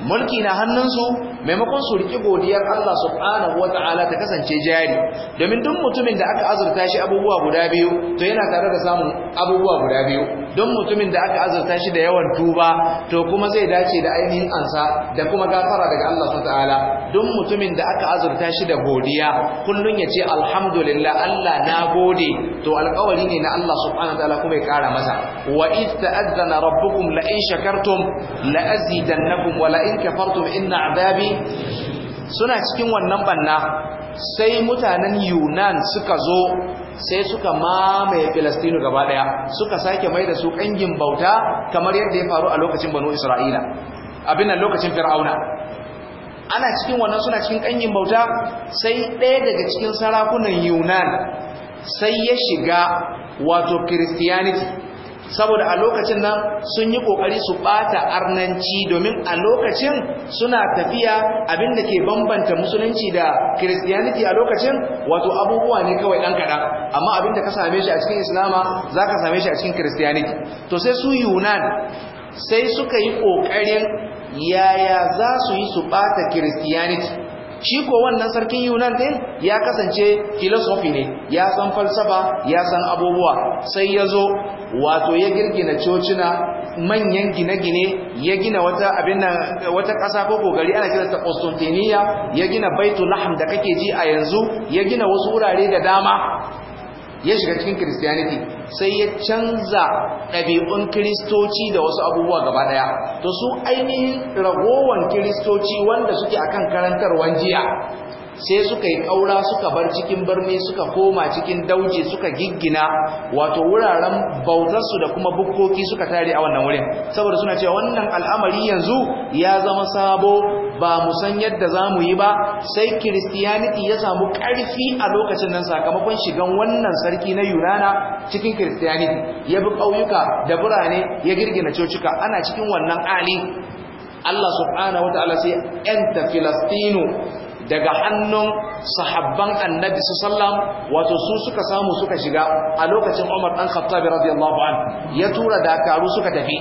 mulki na hannunsu maimakon su riƙe godiyar Allah subhanahu ta'ala ta kasance jari domin duk mutumin da aka azurta shi abubuwa guda biyu to yana tare da samun abubuwa guda biyu duk mutumin da aka azurta shi da yawan tuba to kuma zai dace da ainihin ansa da kuma gafara daga Allah ta'ala duk mutumin da aka azurta shi da godiya kullun ya ce alhamdulillah Allah na gode to alƙawari ne na Allah subhanahu ta'ala kuma ya kara masa wa idza ta'azzana rabbukum la in shakartum la azidannakum wa la in kafartum inna azabi suna cikin wannan banna sai mutanen Yunan suka zo sai suka mamaye Filistinu gaba daya suka sake mai da su kangin bauta kamar yadda ya faru a lokacin Banu Isra'ila abin nan lokacin Fir'auna ana cikin wannan suna cikin kangin bauta sai ɗaya daga cikin sarakunan Yunan sai ya shiga wato Christianity saboda a lokacin nan sun yi kokari su bata arnanci domin a lokacin suna tafiya abinda ke bambanta musulunci da christianity a lokacin wato abubuwa ne kawai dan kada amma abinda ka same shi a cikin islama zaka same shi a cikin christianity to sai su yunan sai suka yi kokarin yaya za su yi su bata christianity shi ko wannan sarkin yunan din ya kasance filosofi ne ya san falsafa ya san abubuwa sai ya zo wato ya girgina cocina manyan gine-gine ya gina wata abin nan wata ƙasa ko gari ana kira ta Constantinople ya gina Baitul Lahm da kake ji a yanzu ya gina wasu wurare da dama ya shiga cikin kiristiyaniti sai ya canza ɗabi'un kiristoci da wasu abubuwa gaba ɗaya to su ainihin ragowan kiristoci wanda suke akan karantar jiya sai suka yi ƙaura suka bar cikin birni suka koma cikin dauje suka giggina wato wuraren bautarsu da kuma bukkoki suka tare a wannan wurin saboda suna cewa wannan al'amari yanzu ya zama sabo ba mu san yadda za mu yi ba sai kiristiyaniti ya samu ƙarfi a lokacin nan sakamakon shigan wannan sarki na yunana cikin kiristiyaniti ya bi ƙauyuka da birane ya girgina cocuka ana cikin wannan ali Allah subhanahu wa ta'ala sai yanta filastinu daga hannun sahabban annabi sallam wato su suka samu suka shiga a lokacin Umar dan Khattab radiyallahu an ya tura dakaru suka tafi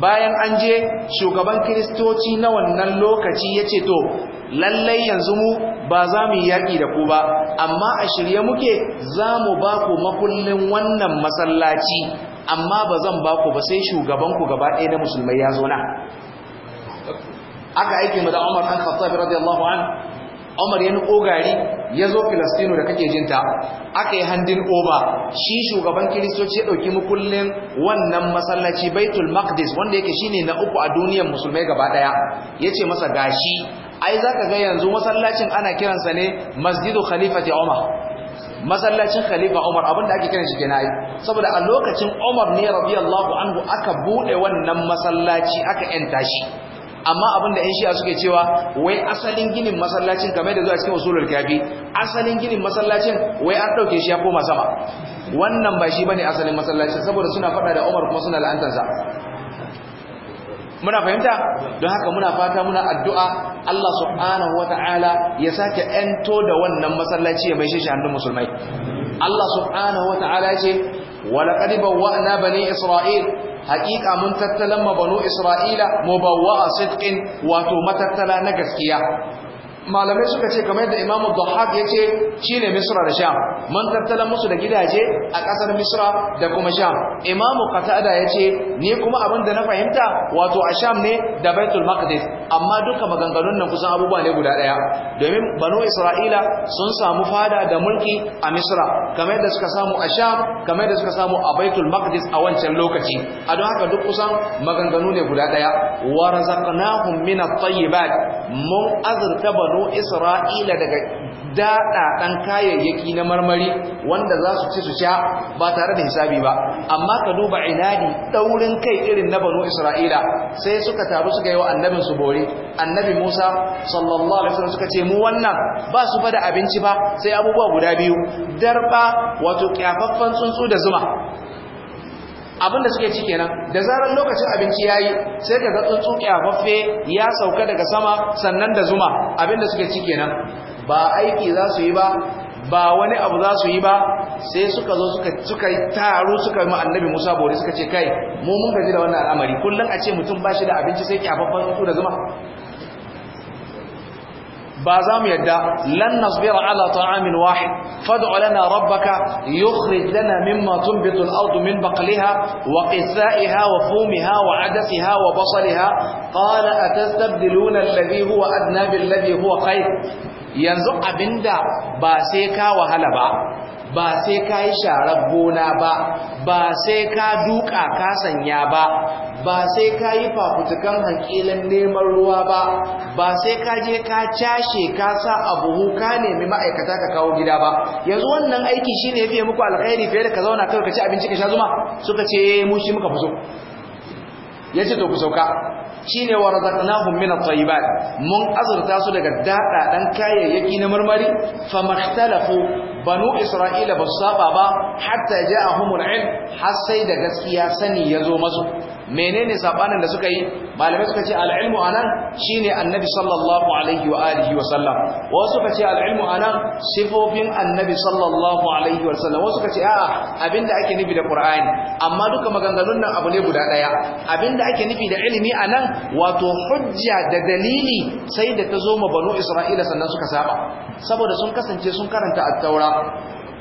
bayan an je shugaban kiristoci na wannan lokaci ya ce to lallai yanzu mu ba za mu yi yaƙi da ku ba amma a shirye muke za mu ba ku makullin wannan masallaci amma ba zan ba ku ba sai shugabanku gaba ɗaya na musulmai ya zo na aka aiki mu da Umar an Khattab radiyallahu an Umar ya niko gari ya zo Filistino da kake jinta aka yi handin oba shi shugaban kiristoci ya ɗauki makullin wannan masallaci Baitul Maqdis wanda yake shine na uku a duniyar musulmai gaba ɗaya yace masa gashi ai zaka ga yanzu masallacin ana kiransa ne Masjidu Khalifati Umar masallacin khalifa Umar abinda ake kiran shi kenan saboda a lokacin Umar ne radiyallahu anhu aka bude wannan masallaci aka yanta shi amma abin da 'yan shi'a suke cewa wai asalin ginin masallacin kamar da zuwa cikin usulul kafi asalin ginin masallacin wai an ɗauke shi ya koma sama wannan ba shi bane asalin masallacin saboda suna fada da Umar kuma suna la'antarsa muna fahimta don haka muna fata muna addu'a Allah subhanahu wata'ala ya sake ento da wannan masallaci ya mai shi hannun musulmai Allah subhanahu wata'ala ce wa laqad bawwa'na bani isra'il haƙiƙa mun tattalan ma banu isra'ila a sidqin wato matattala na gaskiya malamai suka ce kamar yadda imamu dhahab ya ce shi ne misra da sham Mun tattalan musu da gidaje a ƙasar misra da kuma sham imamu qatada ya ce ni kuma abin da na fahimta wato a sham ne da baitul maqdis amma duka maganganun nan kusan abubuwa ne guda daya domin banu isra'ila sun samu fada da mulki a misra kamar yadda suka samu a sha kamar yadda suka samu a baitul maqdis a wancan lokaci a don haka duk kusan maganganu ne guda daya wa razaqnahum min at-tayyibat mun azurta banu isra'ila daga ɗan kayayyaki na marmari wanda za su ci su sha ba tare da hisabi ba amma ka duba inadi daurin kai irin na banu isra'ila sai suka taru suka yi wa annabinsu bori aure annabi Musa sallallahu alaihi wasallam suka ce mu wannan ba su fa da abinci ba sai abubuwa guda biyu darba wato kyafaffan tsuntsu da zuma abinda suke ci kenan da zaran lokacin abinci yayi sai ga tsuntsu kyafaffe ya sauka daga sama sannan da zuma abinda suke ci kenan ba aiki za su yi ba ba wani abu za su yi ba sai suka zo suka suka yi taro suka annabi Musa bore suka ce kai mu mun gaji da wannan al'amari kullun a ce mutum bashi da abinci sai kyafaffan su da zuma ba za mu yadda lan nasbira ala ta'amin wahid fad'u lana rabbaka yukhrij lana mimma tunbitu al-ardu min baqliha wa qithaiha wa fumiha wa adasiha wa basaliha qala atastabdiluna alladhi huwa adna billadhi huwa khayr yanzu abinda ba sai ka wahala ba ba sai ka yi sharar gona ba ba sai ka duka ka sanya ba ba sai ka yi fafutukan hankilin neman ruwa ba ba sai ka je ka cashe ka sa abuhu ka nemi ma'aikata ka kawo gida ba yanzu wannan aiki shine ya fiye muku alkhairi fiye da ka zauna kawai ka ci abinci ka sha zuma suka ce eh, mu shi muka fi ya ce to ku sauka Shi shine wa razaqnahum min at-tayyibat mun azurta su daga daɗaɗen kayayyaki na marmari famar banu isra'ila ba su saba ba hatta ja'ahumul ilm har sai da gaskiya sani ya zo masu menene sabanin da suka yi malamai suka ce al'ilmu anan shine annabi sallallahu alaihi wa alihi wa sallam wasu ka ce al'ilmu anan sifofin annabi sallallahu alaihi wa sallam wasu ka ce a'a abinda ake nufi da qur'ani amma duka maganganun nan abu ne guda daya abinda ake nufi da ilimi anan wato hujja da dalili sai da ta zo ma banu isra'ila sannan suka saba saboda sun kasance sun karanta at-taura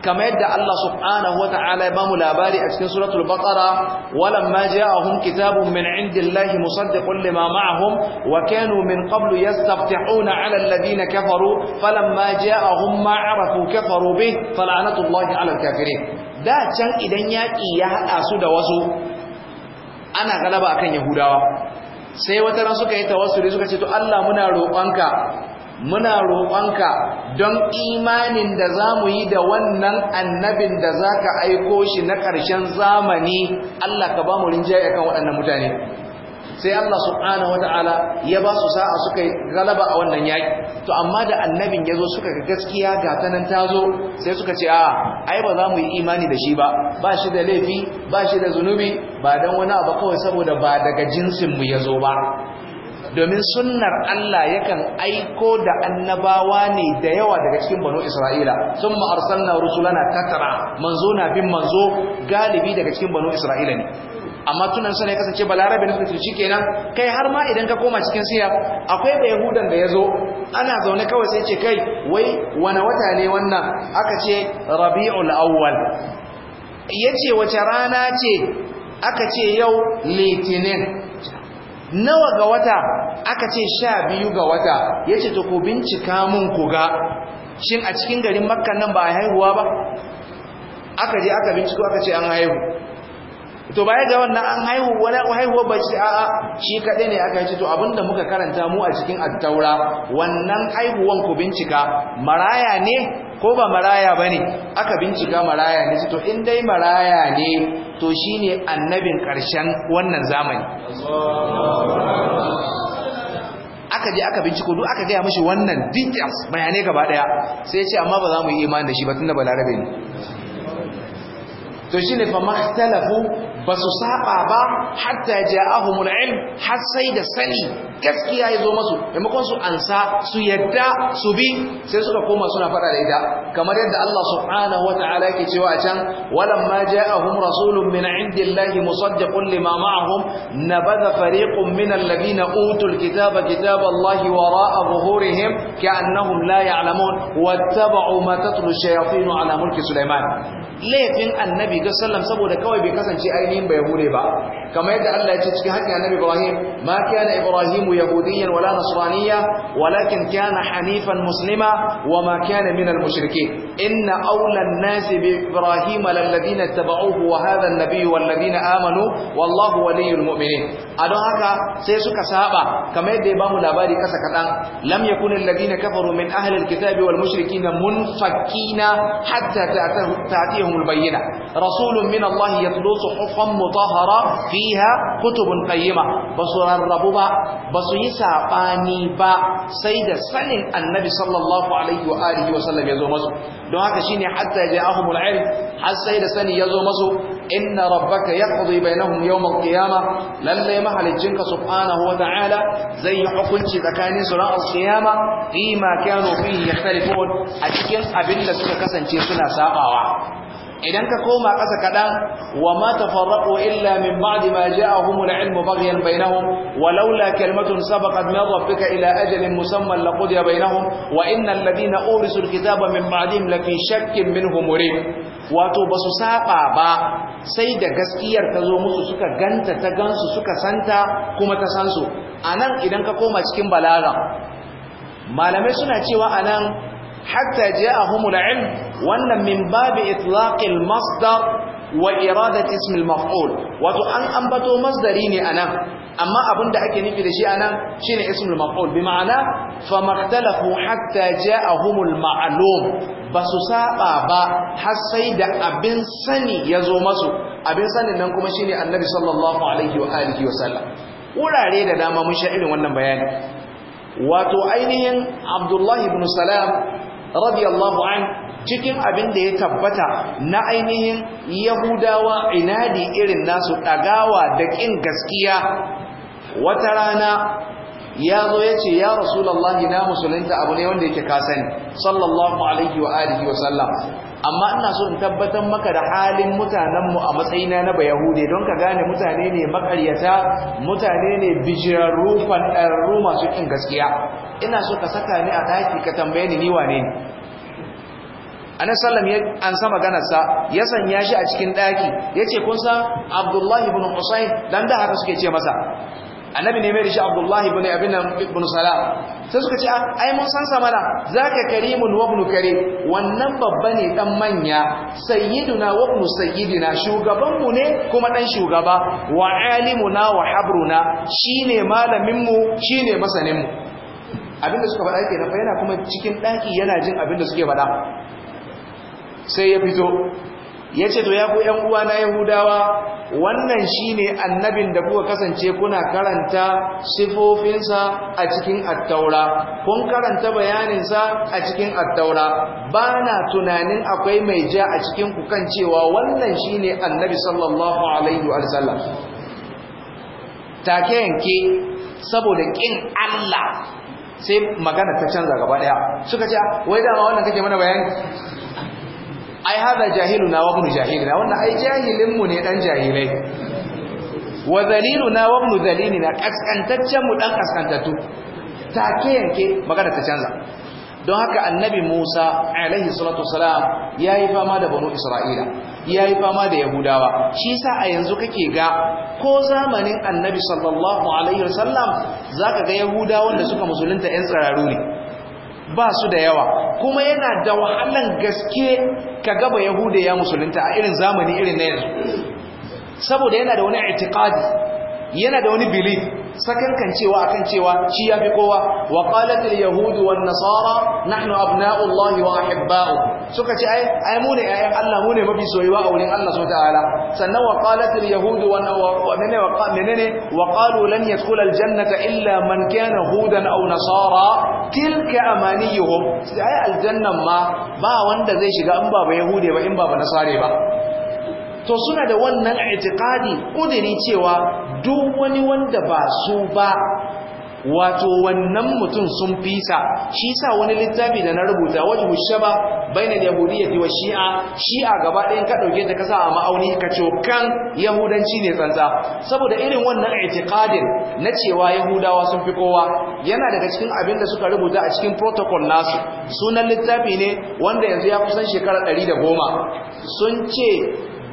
kamar yadda Allah subhanahu wata'ala ya bamu labari a cikin suratul baqara walamma ja'ahum kitabun min indillahi musaddiqun lima ma'ahum wa min qablu yastaftihuna 'ala alladhina kafaru falamma ja'ahum ma 'arafu kafaru bih fal'anatullahi 'ala al-kafirin da can idan yaƙi ya hada su da wasu ana galaba akan yahudawa sai wata ran suka yi tawassuli suka ce to Allah muna roƙonka muna roƙonka don imanin da za mu yi da wannan annabin da za ka aiko shi na ƙarshen zamani Allah ka ba mu rinjaye kan waɗannan mutane sai Allah subhanahu wata'ala ya ba su sa'a suka yi galaba a wannan yaƙi to amma da annabin ya zo suka ga gaskiya ga ta nan ta zo sai suka ce a ai ba za mu yi imani da shi ba ba shi da laifi ba shi da zunubi ba don wani abu kawai saboda ba daga jinsinmu ya zo ba domin sunnar Allah yakan aiko da annabawa ne da yawa daga cikin banu Isra'ila sun ma'arsanna rusulana tattara manzo na bin manzo galibi daga cikin banu Isra'ila ne amma tunan suna ya kasance balarabe na kristoci kenan kai har ma idan ka koma cikin siya akwai da yahudan da ya zo ana zaune kawai sai ce kai wai wane wata ne wannan aka ce rabi'ul awwal ya ce wace rana ce aka ce yau litinin nawa ga wata aka ce sha biyu ga wata ya ce ku bincika mun ku ga shin a cikin garin makka nan ba a haihuwa ba aka je aka binciko aka ce an haihu to baya ga wannan an haihu wani haihuwa ba ce a'a shi kadai ne aka ce to abinda muka karanta mu a cikin at-taura wannan haihuwan ku bincika maraya ne ko ba maraya ba ne aka bincika maraya ne to in dai maraya ne to shi ne annabin ƙarshen wannan zamani aka je aka binciko duk aka gaya mashi wannan details bayanai gaba ɗaya, sai ya ce amma ba za mu yi imani da shi ba tun da balarabe ne to shi ne fa mahtalafu ba su saba ba hatta ja'ahumul ilm har sai da sani gaskiya ya zo masu maimakon su ansa su yadda su bi sai suka koma suna fada da ita kamar yadda Allah subhanahu wataala yake cewa a can walamma ja'ahum rasulun min indillahi musaddiqun lima ma'ahum nabadha fariqun min alladhina utul kitaba kitaballahi wara'a zuhurihim ka'annahum la ya'lamun wattaba'u ma tatlu shayatin ala mulki sulaiman laifin annabi ga sallam saboda kawai bai kasance ainihin bai hure ba kamar yadda Allah ya ce cikin hakkin annabi Ibrahim ma kana ibrahimu yahudiyyan wala nasraniyya walakin kana hanifan muslima wama kana min al-mushrikeen inna awla an-nas bi ibrahim lalladhina tabauhu wa hadha an-nabiy walladhina amanu wallahu waliyul mu'minin adon haka sai suka saba kamar yadda ya bamu labari kasa kadan lam yakun alladhina kafaru min ahli al-kitabi wal mushrikeen munfakina hatta ta'tihu منهم البينة رسول من الله يتلو صحفا مطهرة فيها كتب قيمة بس الربوبة بس يساباني با سيد سنن النبي صلى الله عليه وآله وسلم يزو مزو دو هكا شيني حتى جاءهم العلم حتى سيد سنن يزو مزو إن ربك يقضي بينهم يوم القيامة للي محل الجنك سبحانه وتعالى زي حكمت ذكاني سراء القيامة فيما كانوا فيه يختلفون أتكين أبن لسكا كسنتي سنة ساقاوا idan ka koma ƙasa kaɗan wa ma tafarraqu illa min ba'di ma ja'ahum al-ilmu baghyan bainahum wa laula kalimatun sabaqat min rabbika ila ajalin musamman laqudiya bainahum wa innal ladina urisu al-kitaba min ba'dihim lafi shakkin minhu murib wato basu saba ba sai da gaskiyar ta zo musu suka ganta ta gansu suka santa kuma ta san su anan idan ka koma cikin balaga malamai suna cewa anan hatta ja'ahumul ilm wannan min babi itlaqil masdar wa iradat ismil maf'ul wato an ambato masdari ne anan amma abinda ake nufi da shi anan shine ismul maf'ul bi ma'ana famaktalafu hatta ja'ahumul ma'lum basu saba ba har sai da abin sani yazo masu abin sanin nan kuma shine annabi sallallahu alaihi wa alihi wa sallam wurare da dama mun sha irin wannan bayani wato ainihin abdullahi ibn salam radiyallahu an cikin abin da ya tabbata na ainihin yahudawa inadi irin nasu dagawa da kin gaskiya wata rana ya zo ya ce ya rasulallahi na musulunta abu ne wanda yake kasani sallallahu alaihi wa alihi wa sallam amma ina so in tabbatar maka da halin mutanenmu a matsayina na bayahude don ka gane mutane ne makaryata mutane ne bijirarru fadarru masu kin gaskiya ina so ka saka ni a daki ka tambaye ni ni wane ne annabi sallam ya ansa maganarsa ya sanya shi a cikin daki yace kun san abdullahi ibn husayn dan da haka suke ce masa annabi ne mai shi abdullahi ibn abin ibn salam sai suka ce ah, ai mun san sa mana zaka karimun wa ibn kare wannan babba ne dan manya sayyiduna wa ibn sayyidina shugaban mu ne kuma dan shugaba wa alimuna wa habruna shine malamin mu shine masanin mu abin da suka faɗa ke nafa yana kuma cikin ɗaki yana jin abin da suke faɗa sai ya fito ya ce to ya ku ‘yan uwa na Yahudawa wannan shi ne annabin da kuka kasance kuna karanta sifofinsa a cikin attaura kun karanta bayaninsa a cikin attaura ba na tunanin akwai mai ja a cikin kan cewa wannan shi ne annabi sallallahu alaihi wa sallam take yanke saboda ƙin Allah sai magana ta canza gaba daya suka ce wai dama wannan kake mana bayani ai hada jahiluna wa ibn jahilina wannan ai jahilin mu ne dan jahilai wa zaliluna wa ibn zalilina kaskantaccen mu dan kaskantatu take yanke magana ta canza don haka annabi Musa alaihi salatu wasalam yayi fama da banu Isra'ila ya yi fama da yahudawa shi yasa a yanzu kake ga ko zamanin annabi sallallahu alaihi wasallam za ka ga yahudawan da suka musulunta 'yan tsiraru ne ba su da yawa kuma yana da wahalan gaske ka gaba yahuda ya musulunta a irin zamani irin na yanzu saboda yana da wani itikadi yana da wani belief sakankan cewa akan cewa shi yafi kowa wa qalat al yahud nasara nahnu abna'u allah wa ahibba'u suka ce ai ai mu ne ayan Allah mu ne mafi soyuwa a wurin Allah subhanahu ta'ala sannan wa qalat al yahud wa menene wa menene wa qalu lan yadkhul al jannata illa man kana hudan aw nasara tilka amaniyuhum sai ai al jannan ma ba wanda zai shiga in ba ba yahude ba in ba ba nasare ba to suna da wannan itikadi kudiri cewa duk wani wanda ba su ba wato wannan mutum sun fisa shi sa wani littafi da na rubuta wajen shaba bainal yahudiyyati wa shi'a shi'a gaba ɗayan ka dauke ta kasa a ma'auni ka cokan yahudanci ne tsantsa saboda irin wannan itikadin na cewa yahudawa sun fi kowa yana daga cikin abin da suka rubuta a cikin protocol nasu sunan littafi ne wanda yanzu ya kusan shekara ɗari da goma sun ce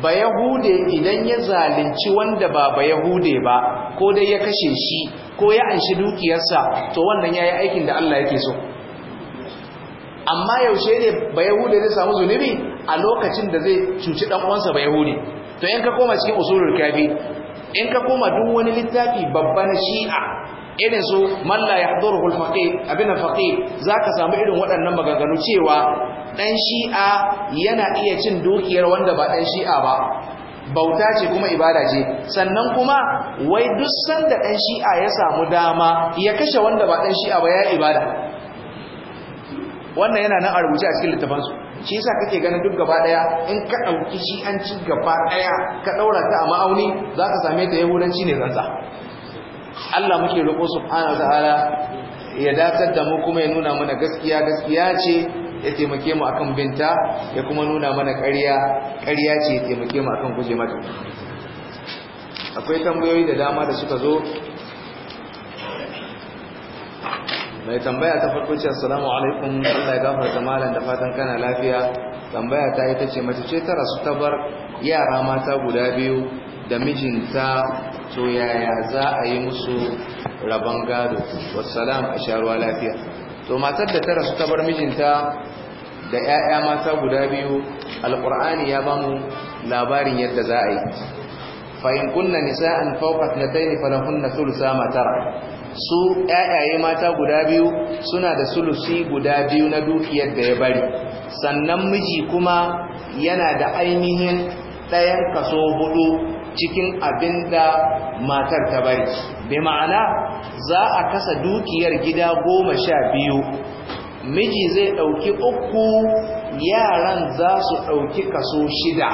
ba yahude idan ya zalunci wanda ba ba yahude ba ko dai ya kashe shi ko ya anshi dukiyarsa to wannan yayi aikin da Allah yake so amma yaushe ne ba yahude zai samu zunubi a lokacin da zai cuci ɗan'uwansa uwansa ba yahude to in ka koma cikin usulul kafi in ka koma duk wani littafi babba na shi'a irin su Malla ya haɗo rukun faqih abin faƙi za zaka samu irin waɗannan maganganu cewa ɗan shi'a yana iya cin dukiyar wanda ba ɗan shi'a ba bauta ce kuma ibada ce sannan kuma wai duk sanda ɗan shi'a ya samu dama ya kashe wanda ba ɗan shi'a ba ya ibada wannan yana nan a rubuce a cikin littafansu. shi yasa kake ganin duk gaba daya in ka ɗauki shi'anci gaba daya ka ɗaura ta a ma'auni za ka same ta yahudanci ne zanza Allah muke roƙo subhanahu ta'ala ya datar da mu kuma ya nuna mana gaskiya gaskiya ce ya taimake mu akan binta ya kuma nuna mana ƙarya ƙarya ce ya taimake mu akan guje mata akwai tambayoyi da dama da suka zo mai tambaya ta farko ce assalamu alaikum Allah ya gafarta malam da fatan kana lafiya tambaya ta ita ce mace ce ta rasu ta bar yara mata guda biyu da mijinta to yaya za a yi musu rabon gado wasalam a sharuwa lafiya to matar da ta rasu ta bar mijinta da 'ya'ya mata guda biyu alkur'ani ya bamu labarin yadda za a yi fahim kunna nisa'an na latayn falahun na sulusa tara su 'ya'yaye mata guda biyu suna da sulusi guda biyu na dukiyar da ya bari sannan miji kuma yana da ainihin ɗayan kaso hudu cikin abin da matar ta bari bai ma'ana za a kasa dukiyar gida goma sha biyu miji zai ɗauki uku yaran za su ɗauki kaso shida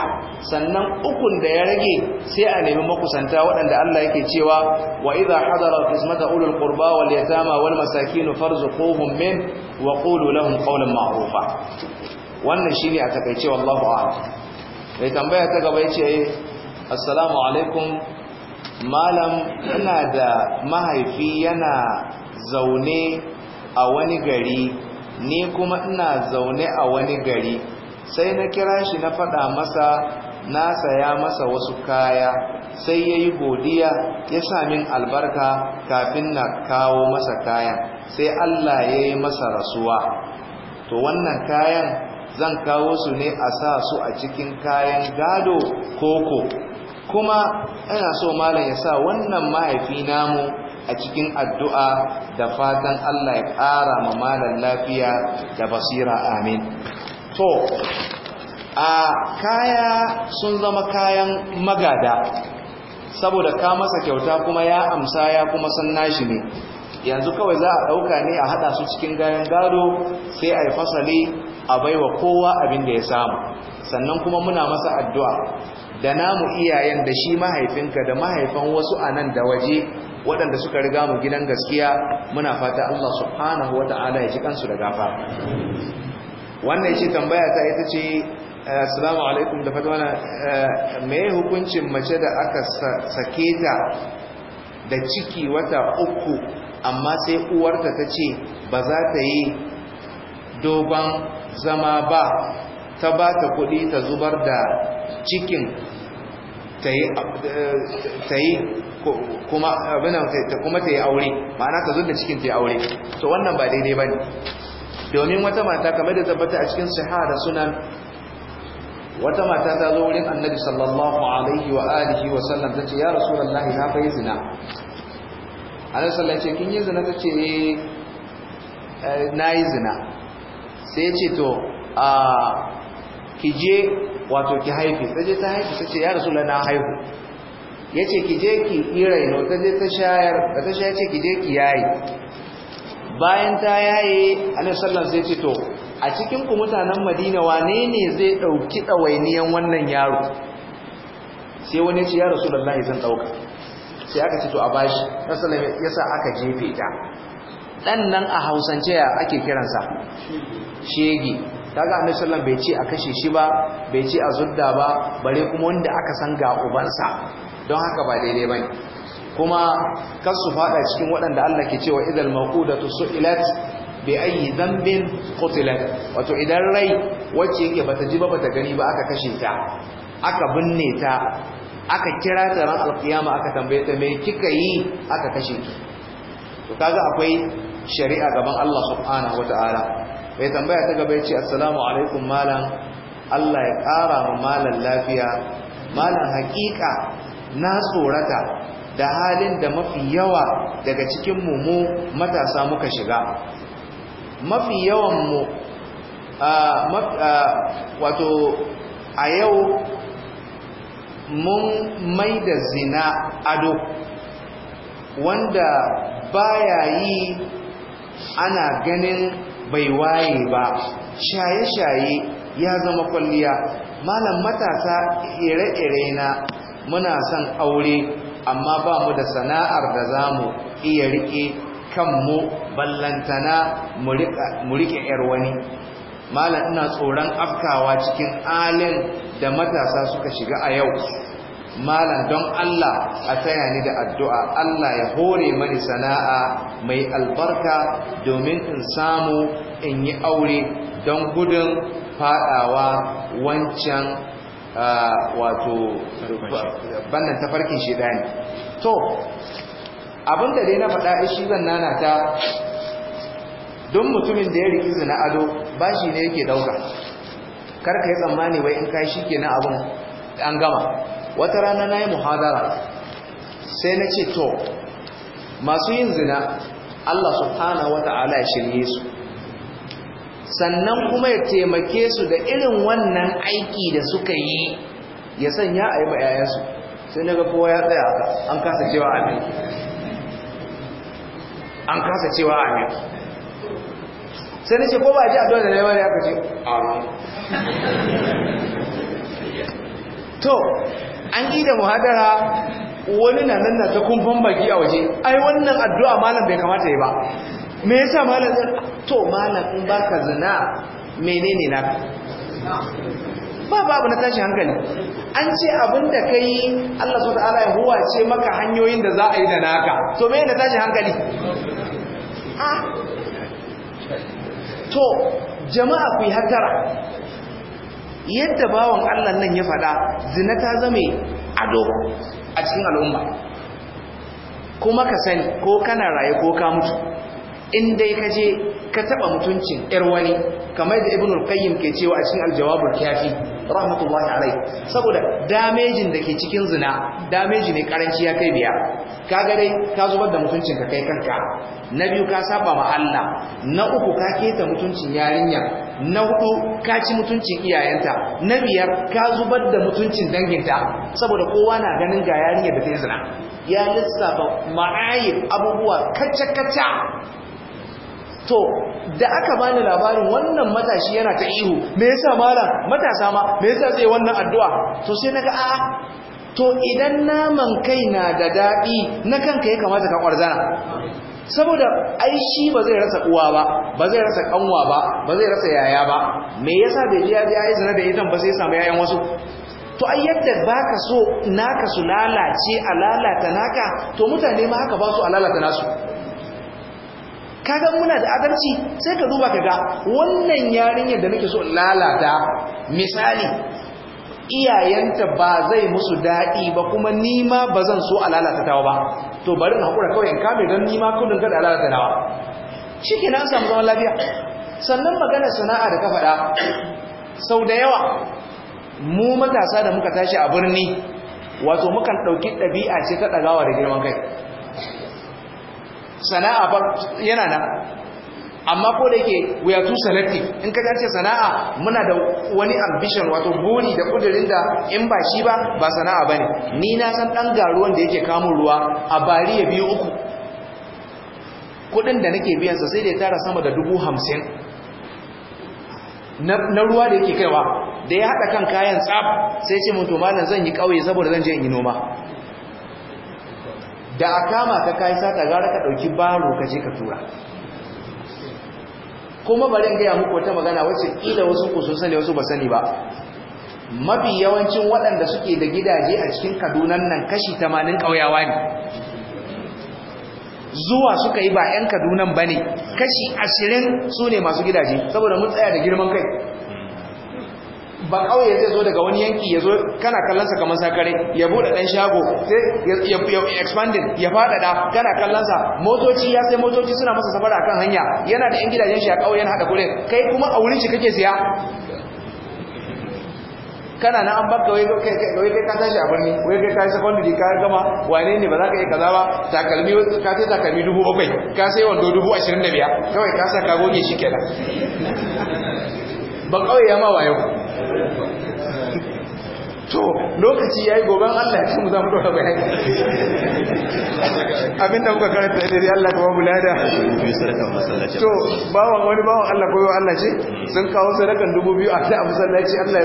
sannan ukun da ya rage sai a nemi makusanta waɗanda Allah yake cewa wa idza hadara qismata ulul qurba wal yatama wal masakin farzuquhum min wa qulu lahum qawlan ma'rufa wannan shine a takaice wallahu a'lam mai tambaya ta gaba yace assalamu alaikum malam ina da mahaifi yana zaune a wani gari ni kuma ina zaune a wani gari sai na kira shi na faɗa masa na saya masa wasu kaya sai ya yi godiya ya min albarka kafin na kawo masa kayan sai Allah ya yi masa rasuwa to wannan kayan zan kawo su ne a sa su a cikin kayan gado koko kuma ina so malam ya sa wannan mahaifi namu a cikin addu'a da fatan Allah ya ƙara ma malam lafiya da basira amin to a kaya sun zama kayan magada saboda ka masa kyauta kuma ya amsa ya kuma san nashi ne yanzu kawai za a ɗauka ne a haɗa su cikin gayan gado sai a yi fasali a baiwa kowa abin da ya samu sannan kuma muna masa addu'a da namu iyayen da shi mahaifinka da mahaifan wasu a nan da waje waɗanda suka riga mu gidan gaskiya muna fata Allah subhanahu wa ta'ala ya ji kansu da gafa. wannan ce tambaya ta ita ce eh, assalamu alaikum da fata eh, me hukuncin mace da aka sake ta da ciki wata uku amma sai uwarta ta ce ba za ta yi dogon zama ba ta ba ta kuɗi ta zubar da cikin ta yi kuma abinan ta kuma ta yi aure ma'ana ta zunda cikin ta yi aure to wannan ba daidai ba ne domin wata mata kamar da tabbata a cikin shahara da sunan wata mata ta zo wurin annabi sallallahu alaihi wa alihi wa sallam ta ce ya rasulallahi na fa yi zina annabi sallallahu ce kin yi zina ta ce eh, eh, na yi zina sai ce to a ah, ki je wato ki haifi ta je ta haifi ta ce ya rasu na haihu ya ce ki je ki irai raino ta je ta shayar da ta shayar ce ki je ki yayi bayan ta yaye alaihissalam sai ce to a cikin ku mutanen madina wane ne zai ɗauki ɗawainiyan wannan yaro sai wani ce ya rasu lallahi zan ɗauka sai aka ce to a bashi ya sa aka jefe ta ɗan nan a hausance ya ake kiransa shege kaga annabi sallallahu bai ce a kashe shi ba bai ce a zudda ba bare kuma wanda aka san ga ubansa don haka ba daidai bane kuma kasu su fada cikin waɗanda Allah ke cewa idal maqudatu su'ilat bi ayi dhanbin qutilat wato idan rai wacce yake bata ji ba bata gani ba aka kashe ta aka binne ta aka kira ta ran alqiyama aka tambaye ta me kika yi aka kashe ki to kaga akwai shari'a gaban Allah subhanahu wataala mai tambaya ta gaba ya ce assalamu alaikum malam Allah ya ƙara ma malam lafiya malam haƙiƙa na tsorata da halin da mafi yawa daga cikin mu matasa muka shiga mafi yawan mu wato a yau mun mai da zina ado wanda baya yi ana ganin bai waye ba shaye-shaye ya zama kwalliya malam matasa ire-ire na muna son aure amma ba mu da sana'ar da za mu iya riƙe kanmu ballantana mu riƙe 'yar wani malam ina tsoron afkawa cikin alin da matasa suka shiga a yau malam don Allah a taya ni da addu'a Allah ya hore mani sana'a mai albarka domin in samu in yi aure don gudun fadawa wancan wato bannan tafarkin shidani to abinda dai na faɗa shi zan nana ta don mutumin da ya riki zina ado bashi ne yake dauka karka yi tsammani wai in kai shi ke na abin an gama wata rana na yi muhadara sai na ce to masu yin zina Allah su hana wata ya shirye su sannan kuma ya taimake su da irin wannan aiki da suka yi ya sanya a yi ma sai na ga kowa ya tsaya ka an kasa cewa amin an kasa cewa amin sai na ce ko ba a ji addu'a da na yi wani ya ce (laughs) to an yi da muhadara wani na nan na ta kumfan baki a waje ai wannan addu'a malam bai kamata ya ba me yasa malam to malam in baka zina menene na? ba babu na tashi hankali an ce abinda kai Allah subhanahu ta'ala ya huwa ce maka hanyoyin da za a yi da naka to me na tashi hankali ah. to jama'a ku yi hatara yadda bawan Allah nan ya faɗa zina ta zame ado a cikin al'umma kuma ka sani ko kana raye ko ka mutu in dai ka je ka taba mutuncin yar wani kamar da ibnu al-qayyim ke cewa a cikin al-jawabul kafi rahmatullahi alai saboda damejin da ke cikin zina dameji ne karanci ya kai biya kaga dai ka zubar da mutuncin ka kai kanka na biyu ka saba ma Allah na uku ka keta mutuncin yarinya na hudu ka ci mutuncin iyayenta na biyar ka zubar da mutuncin danginta saboda kowa na ganin ga yariyar da ta yi zina ya lissafa ma'ayin abubuwa kacce-kacce to da aka bani labarin wannan matashi yana ta ihu me yasa mara matasa ma me yasa zai wannan addu'a to sai naga a'a to idan naman kai na da daɗi na kanka ya kamata ka kwarzana saboda ai shi ba zai rasa uwa ba ba zai rasa kanwa ba ba zai rasa yaya ba me yasa bai ji ya yi zina da idan ba sai samu yayan wasu to ai yadda baka so naka su lalace a lalata naka to mutane ma haka ba su a lalata nasu kaga muna da adalci sai ka duba kaga wannan yarinyar da nake so lalata misali iyayenta ba zai musu daɗi ba kuma nima ba zan so a lalata tawa ba to bari in hakura kawai in kame don nima kudin kada a lalata tawa. shi ke samu zaman lafiya sannan magana sana'a da ka faɗa sau da yawa mu matasa da muka tashi a birni wato mukan ɗauki ɗabi'a ce ta ɗagawa da girman kai sana'a ba yana nan amma ko da yake we are too selective in ka dace sana'a muna da wani ambition wato buri da kudirin da in ba shi ba ba sana'a bane ni na san dan garuwan da yake kamun ruwa a bari ya biyu uku kudin da nake biyan sa sai da ya tara sama da dubu hamsin na ruwa da yake kaiwa da ya haɗa kan kayan tsab sai ce to malam zan yi kauye saboda zan je in yi noma da a kama ka kai sata gara ka ɗauki baro ka je ka tura kuma bari in gaya muku wata magana wacce kila wasu ku sun sani wasu ba sani ba mafi yawancin waɗanda suke da gidaje a cikin kadunan nan kashi tamanin ƙauyawa ne zuwa suka yi ba 'yan kadunan ba ne kashi ashirin su ne masu gidaje saboda mun tsaya da girman kai ba kauye zai zo daga wani yanki ya zo kana kallonsa kamar sakare ya bude dan shago sai ya expanding ya fadada kana kallonsa motoci ya sai motoci suna masa safara akan hanya yana da yan gidajen shi a kauye yana hada kure kai kuma a wurin shi kake siya kana na an baka wai kai ka tashi a birni wai kai ka yi secondary ka gama wane ne ba za ka yi kaza ba takalmi ka sai takalmi dubu bakwai ka sai wando dubu ashirin da biyar kawai ka sa ka goge shi kenan ba kawai ya ma wayo to lokaci yayi goban Allah shi mu za mu dora bayani abinda muka karanta dai Allah ka babu lada to bawan wani bawan Allah koyo Allah ce sun kawo sadakan 2000 a ta musallaci Allah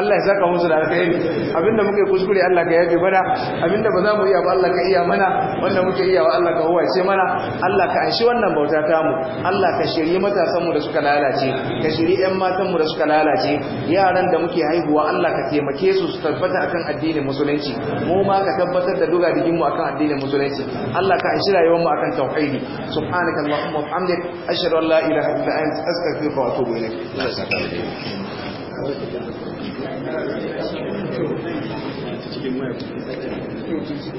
Allah ya saka musu da alkhairi abinda muka yi kuskure Allah ka yafe mana abinda ba za mu iya ba Allah ka iya mana wanda muke iya wa Allah ka ce mana Allah ka anshi wannan bauta ta mu Allah ka shirye matasan mu da suka lalace ka shirye yan matan mu da suka lalace yaran da muke haihuwa Allah ka taimake su tabbata akan addinin musulunci mu ma ka tabbatar da duga digin mu akan addinin musulunci Allah ka ishi rayuwar mu akan tauhidi subhanaka allahumma wa bihamdik ashhadu an la ilaha illa anta astaghfiruka wa atubu ilayk Thank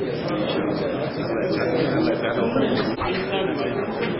you.